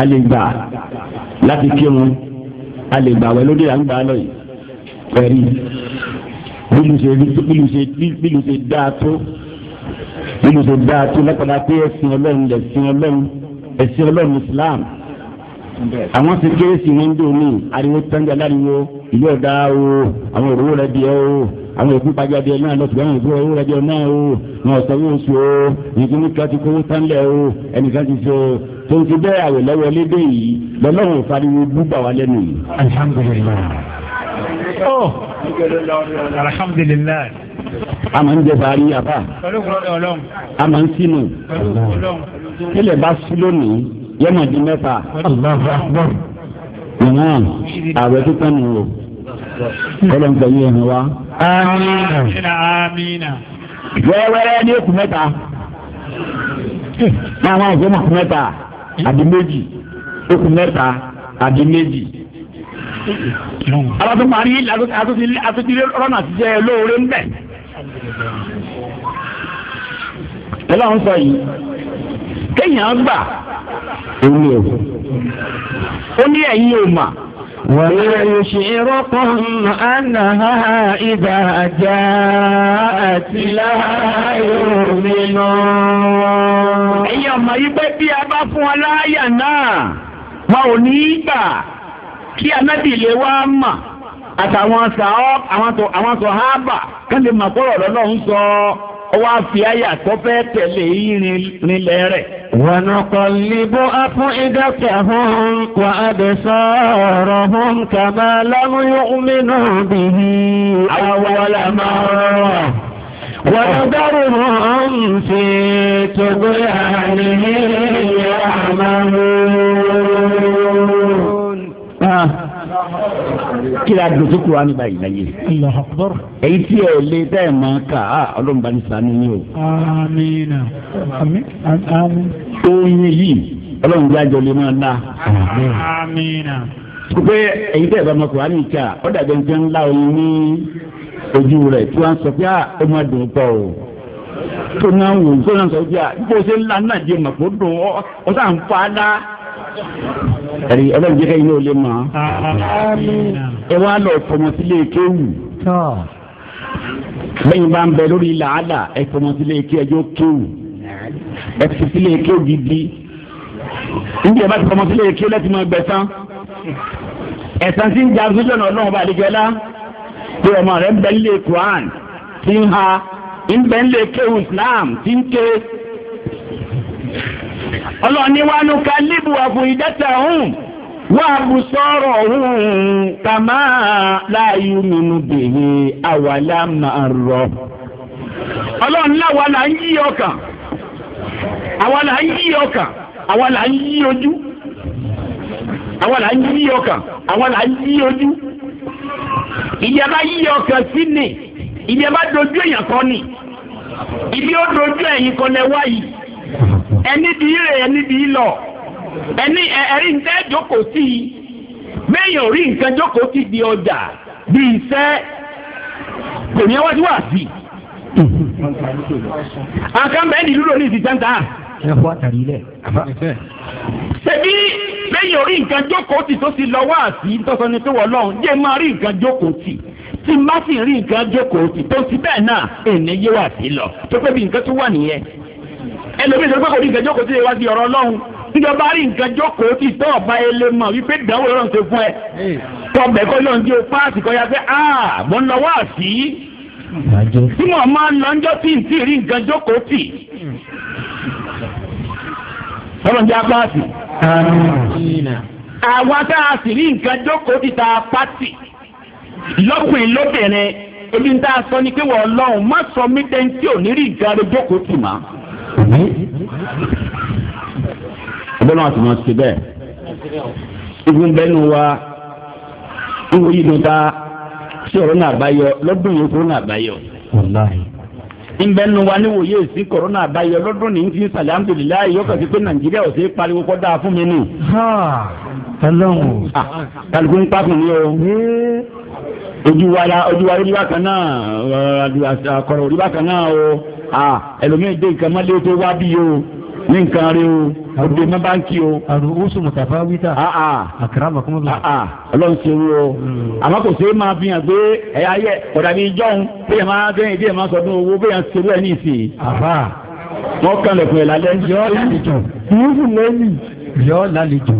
[SPEAKER 2] a lè gbà láti kírun a lè gbà wẹ̀ lóde à ń gbà lọ yìí pẹ̀lú bílù ṣe dáa tó bílù ṣe dáa tó lẹ́kọ̀ọ́dá pé ẹ̀sìn ọlọ́run ẹ̀sìn ọlọ́run ẹ̀sìn ọlọ́run Islam àwọn ti kérésì ní ndòmí ariwo tẹ́ńdẹ̀ láriwo ìyóò dáa o àwọn òróró rẹ̀ bí ẹ o àwọn òkú pàjáde náà lọ́sùn àwọn òkú owó rẹjọ náà o wọn sọ wọn oṣù o ìgbìmọ̀ kan ti kówó tánlẹ̀ o ẹnìkan ti sọ tó ti bẹ́ẹ̀ àwẹ̀ lọ́wọ́ lédè yìí lọ́lọ́run fariwo búgbà wa lẹ́nu yìí. alihamudulilayi. ọ oh. alihamudulilayi. a máa ń jẹ fari yaba. a máa ń sinu. kílẹ̀ bá sílò ní yẹ́mọ̀dín mẹ́fà. ìwọ̀n àwẹ̀ tó tán nù o. kọ́lọ́ǹtẹ̀ yìí hàn wá. amina amina. wẹ́wẹ́rẹ́ ní okùn na parí àtúntìlẹ̀ na ti jẹ́ lóore ńbẹ̀.
[SPEAKER 1] tẹ́lá ń sọ yìí
[SPEAKER 2] kéèyàn gbà ó ní ní ẹ̀yìn ò وما يشعركم أنها إذا جاءت لا يؤمنون ẹ̀yin ọmọ yìí pé bí a bá fún aláyà náà wọn ò ní í gbà kí anábì lè wá mà àtàwọn sàọ́ àwọn sọ hábà kán lè mà kọ́rọ̀ lọ́lọ́run sọ ọwọ́ àfi àyà tó fẹ́ tẹ̀lé yìí nílẹ̀ rẹ̀. wọn kò libo afún ìdákẹ́ hún wà á bẹ sọ̀rọ̀ hún kàmá lámúyún mínú bìí. àwọn wọlé máa rọrọ.
[SPEAKER 1] ونذرهم في طغيانهم يعمهون
[SPEAKER 2] kíra dòtí kurani báyìí láyé. èyí tí ẹ lé tẹ́ ẹ máa kà á ọlọ́run bá ní sànú ní o. amiina àmín. oyin yìí ọlọ́run bí ajọ lè máa la. amiina. pé èyí tẹ́ ẹ bá máa kurani kà ó dàbí ẹni tí ń la oyin ní ojú rẹ̀ tí wọ́n sọ pé à ó máa dùn pọ̀ o tó náà wò ó tó náà sọ pé à bó ṣe ń la náà di màpó dùn ọ́ ọ́ sàn fa dá ẹ̀rí ọlọ́run jẹ́ kẹ́yìn náà lè mọ̀ ẹ wá lọ fọmọ sílé kéwù bẹ́yìn bá ń bẹ lórí làálà ẹ fọmọ sílé kéwù ẹjọ́ kéwù ẹ fi sílé kéwù gidi níbi ẹ bá ti fọmọ sílé kéwù lẹ́tì máa gbẹ̀san ẹ̀san tí ń jà sójú ọ̀nà ọlọ́run bá àdìgẹ́lá pé ọmọ rẹ̀ ń bẹ nílé Quran ti ń ha ń bẹ nílé kéwù Islam ti ń ké ọlọ́ọ̀ni wa nu ka líbu àfòyídẹ́tà hùn wà àbùsọ̀rọ̀ hùn kàmá láàyè nínú bèbè àwàlá máa rọ. ọlọ́ọ̀ni làwa là ń yí ọkàn àwa là ń yí ọkàn àwa là ń yí ojú àwa là ń yí ọkàn àwa là ń yí ojú ìjọba yí ọkàn sí ni ìjọba dojú èèyàn kan ni ìdí ó dojú ẹ̀yìn kan lẹ yìí ẹni bí rè ẹni bí lọ ẹni ẹrí ń tẹ́ jókòó sí i bẹ́ẹ̀yàn rí nǹkan jókòó sí di ọjà bí iṣẹ́ kò ní ẹwájú wà sí i. àkànbẹ́ ni lúlò ní ìdíjáńtà. ẹ fọ́ àtàrí ilẹ̀. ṣèbí bẹ́ẹ̀yàn rí nǹkan jókòó sí tó ti lọ wá sí i tọ́sọ ni tó wọ̀ lọ́hùn jẹ́ máa rí nǹkan jókòó sí i tí má sì rí nǹkan jókòó sí i tó ti bẹ́ẹ̀ náà ènìyàn wà sí i lọ tó pé bí nǹkan tó wà nìyẹn ẹlòmíì sọ pé kò ní nǹkan jókòó sí iwájú ọ̀rọ̀ ọlọ́run níjọba rí nǹkan jókòó tí ìtọ́ ọ̀bá ẹlẹ́ mọ̀ wípé ìdánwò lọ́rùn ṣe fún ẹ. tọ́bẹ̀ kọ́ lọ́run tí o páàsì kọ́ ya pé a ah, mo ń lọ wá sí i. tí mo máa ń lọ ńjọ́ tí n tí rí nǹkan jókòó tì. ọlọ́run jẹ́ apáàsì. àwa tá a sì rí nǹkan jókòó ti ta pátì lọ́kùnrin lóbìnrin ebi ń tá a sọ ni pé wọ́n ọlọ́run má sọ mí dẹ́ntì ò ní rí nǹkan jókòó tì máa ọbẹ̀ náà ti máa ṣe bẹ́ẹ̀ igun bẹ́nu wa igun yìí dùn ta ṣé ọ̀rọ̀ náà bá yọ lọ́dún yìí kúrò náà bá yọ. ìbẹ́nu wa ní wòye sí kọ̀rọ̀nà àbáyọ lọ́dún ní ti sàlẹ̀ alhamdulilayi yóò kàn sí pé nàìjíríà ò sí pariwo kọ́ dáa fún mi nù. Ah, kálukú ń pàkùn ní o ojú wa ojú wa orí bákan náà akọ̀rọ̀ orí bákan náà o. Ah, ẹlòmíì dé nǹkan mọ́lẹ́ tó wá bí o ní nǹkan rí o òde mọ́ báńkì o. àrùbùsùn mùtàfà wíta. Ah, ah. àkàrà mọ̀ kọ́mọ́ bẹ̀rẹ̀. ọlọ́run ṣe wú o hmm. àmọ́ kò ṣeé máa fi hàn pé ẹ̀yà ayẹ ọ̀dà bíi jọ́hún bẹ́ẹ̀ máa bẹ́ẹ̀ bẹ́ẹ̀ máa sọdún owó bẹ́ẹ̀ ṣe wú ẹ̀ ní ìsìn. wọ́n kàn lẹ̀kùn ẹ̀ lálẹ́. yọ yọ lálejò.